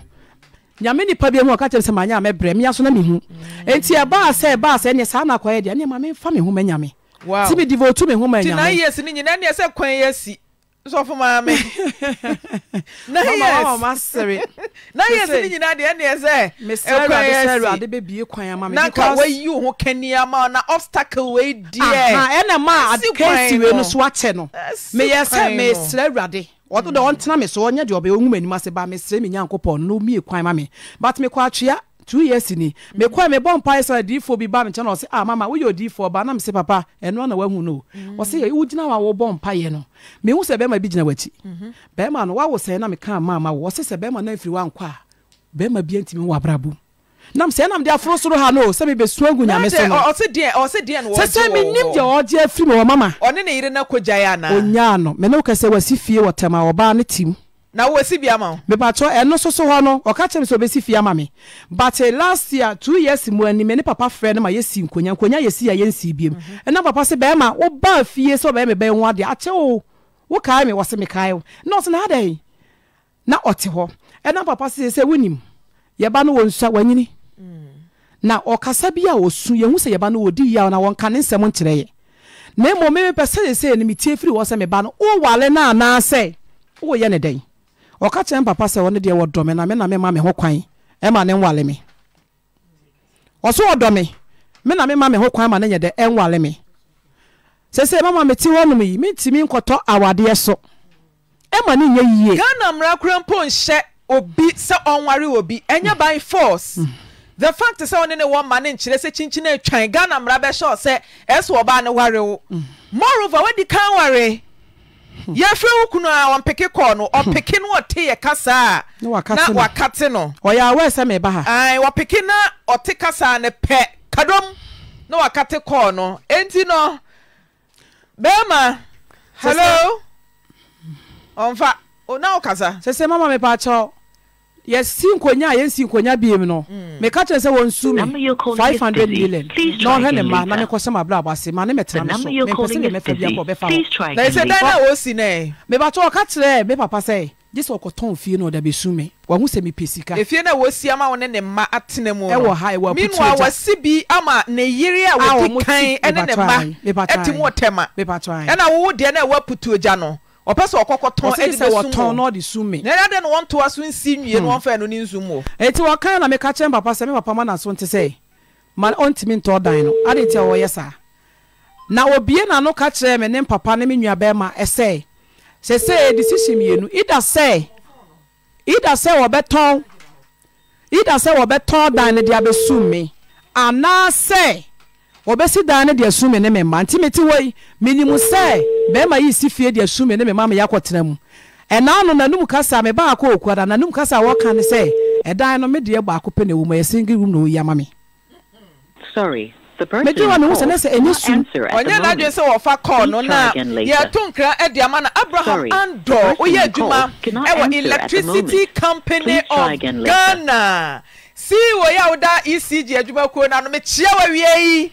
nyame nipa bi mu ɔka kyerɛ sɛ manyɛ a mɛbrɛ mea so na mehu mm. enti ɛbaa sɛ ɛbaa sɛ ɛneɛ saa na akɔyɛ deɛ ɛneɛ ma memfa me ho manyame nti mede votu me ho ma nyame nti nine years ne nyinaa ɛneɛ sɛ kwan yɛ si sɔfo maame nine years mama mama sere nine years ni nyinaa di ɛna ɛsɛ ɛkwan yɛ si bebie kwan ama mi because nanka wayi wo ho kani ama na obstacle wei deɛ aha ɛna ma keesi wei no so akyɛ no meyɛ sɛ mesrɛ awurade ɔdo dɛ ɔntena me so ɔnyɛ deɛ ɔbɛyɛ ma anim ba ba mesrɛ me nyankopɔn no mie kwan ma me but mekɔ two years ni mekɔ mebɔ mpaeɛ sɛ adiifoɔ bi ba me kyɛ na ɔsɛ ah mama woyɛ odiifoɔ ba na mesɛ papa ɛnoa na wahu no ɔsɛ wogyina mm-hmm. wa wobɔ mpaeɛ no mehu sɛ bɛrima bi gyina w'akyi bɛrima no wawo sɛe na meka maama wo ɔsɛ sɛ bɛrima no afiri wankɔ a bɛrima bia ntimi wɔ abrabom nam sɛ nam de aforo soro ha no sɛ mebesu agu nyame so nosɛ sɛ menim deɛ ɔgye afiri me wɔ mama ɔnyaa no mene wokɛ sɛ wasi fie wɔtɛm a ɔbaa ne tim na wo esi bi ama o. bipatɔ ɛno soso hɔ no ɔka kyerɛ mi sɛ obesi fi ama mi but eh, last year two years mu anim eh, ne papa frɛ ne ma yɛsi nkonya nkonya yɛsi a yɛnsi biem ɛna mhm. papa sɛ bɛrima woba fie sɛ ɔbɛrima bɛn ho adeɛ akyɛ o wo kae mi wɔsi mi kae o na ɔsi na adan na ɔte hɔ ɛna papa sɛ sɛ wunim yɛba no wɔ nsa wɔnyini mm. na ɔkasa bi a osu yɛn ho sɛ yɛba no wɔ di yia na wɔn ka ne nsɛm nkyerɛ yɛ na emu mi pɛ sɛ sɛ ɛnum tie firi hɔ sɛ mi ba no wowale na anaasɛ woyɛ ne dɛn ɔka kyerɛ mpapa sɛ ɔne deɛ wɔdɔme na mena mema me ho kwan ɛma ne nwale me ɔso ɔdɔme mena mema me ho kwan ma ne nyɛ dɛ ɛnwale me sese mama mete hɔnom yi mentumi nkɔtɔ awadeɛ so ɛma ne nyɛ yie ghana mmara kora mpo nhyɛ obi sɛ ɔnware obi ɛnyɛ by force mm. the fact sɛ ɔne ne wɔ ma ne nkyerɛ sɛ kyinkyini atwan ghana mmara bɛhyɛ ɔ sɛ ɛsɛ ɔbaa ne ware wo mm. moreover wadi kan ware Mm. yɛfrɛ wo kunu a ɔmpeke kɔɔ no hmm. ɔpeke na wɔte yɛ kasaa a na waka te no yɛwɛɛ sɛ meba ha ɔpeke na ɔte kasa a ne pɛ kadom na waka te kɔɔ no enti no bɛrima slo ɔmfa ona wo kasa sesɛ mama mepakyɛo yɛsi nkonya a yɛnsi nkonya bi mu no mm. meka kyerɛ sɛ wɔnsu me five hundred million na ɔhwɛ ne ma na ne kɔsɛm abla abase ma ne mɛtena me so mempɛ sɛ deɛ mɛfa biakɔ bɛfa na ɛsɛ dɛn na wɔsi nɛ mebatɔ ɔka kyerɛ me papa sɛ gye sɛ ɔkɔtɔn fie no ɔda bɛsu me wahu sɛ mepɛ sika efie no a wɔsi ama wo ne ne mma atena mu ɛwɔ ha ɛwɔ aputu agya minwa bi ama ne yere a wɔdi kan ɛne ne mma ɛti mu ɔtɛma ɛna wo deɛ no ɛwɔ aputu agya no ɔpɛ sɛ ɔkɔkɔ tɔn ɛde bɛ sum wɔtɔn na ɔde sum mi. na ɛdade na wɔn to aso nsi nwie na wɔn fɛ no ne nsum wɔ. eti wɔkan na meka kyɛn papa sɛ mi papa ma na so nti sɛ ma ɔntumi ntɔ dan no adi ti a wɔyɛ saa na obie na ano ka kyerɛ mi ne papa ne mi nua bɛrima ɛsɛ sɛsɛ decision mienu ida sɛ ida sɛ wɔbɛtɔn ida sɛ wɔbɛtɔn dan ne de abɛsum mi anaasɛ wɔbɛsi dan ne deɛ sum ne ne mma nti mete hɔ yi minimu sɛ bɛrima yi si fie deɛ sum ne ne mma mi yɛ akɔtena mu ɛna ano nanum kasa me baako okura na nanum kasa a wɔka ne sɛ ɛdan no me deɛ baako pɛ na ewu mu ɛyɛ single room na oyi ama mi. sorry mede wa mehu sɛ ne ɔnyɛ n'adwe sɛ wɔfa kɔɔ no na yɛto nkra ɛde ama no abraham andor woyɛ adwuma ɛwɔ electricity company of ghana sii wɔ yi ecg adwuma kuo no ano mekyia wɔ awie yi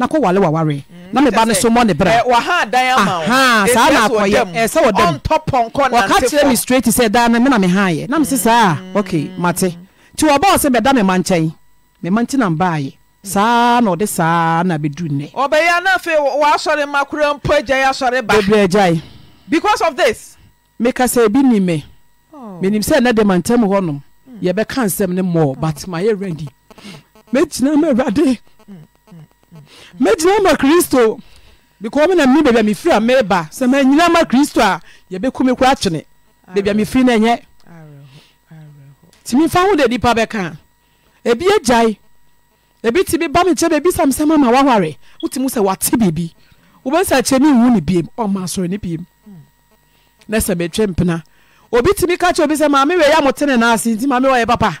na kɔ wale waware mm, na meba ne so mɔ ne bra eh, saa na akɔyɛ ɛsɛ wɔ dɛm wɔka kyerɛ me straight sɛ daa me na me ha yɛ na mese saa mm. ok mate nti wɔbaa sɛ bɛda me ma nkyɛn me ma nti na mbaayɛ saa na ɔde saa na bɛduru nnɛ ɔbɛyɛ na afei wɔasɔre ma mpo agyae asɔre ba bebree agyae because of this mekasa ebi ni me oh. menim sɛ ɛnɛ de ma ntam hɔnom mm. yɛbɛka nsɛm ne mmɔɔ but mayɛ ready mɛgyina ma awurade mɛgyina ma kristo because mena mene baabi a mefiri a meba sɛ manyina ma kristo a yɛbɛku me kora kyene baabi a mefiri no ɛnyɛ nti memfa ho de nipa bɛka ebi agyae ebi tumi ba me nkyɛn baabi sam sɛ mama waware wotumi sɛ wate biribi wobɛsa kyerɛ ne nwu ne biem ɔma asɔre ne biem hmm. na sɛ metwe mpena obi tumi ka kyerɛ obi sɛ maame wei a motene naase nti maame wɔyɛ papa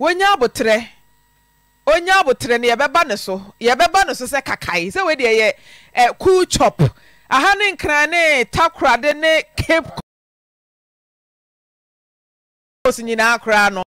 wɔnya aboterɛ ɔnya aboterɛ ne yɛbɛba ne so yɛbɛba ne so sɛ kakae sɛ wodeɛ yɛ eh, cuw thop aha ne nkra ne ta korade ne cape cos nyinaa koraa no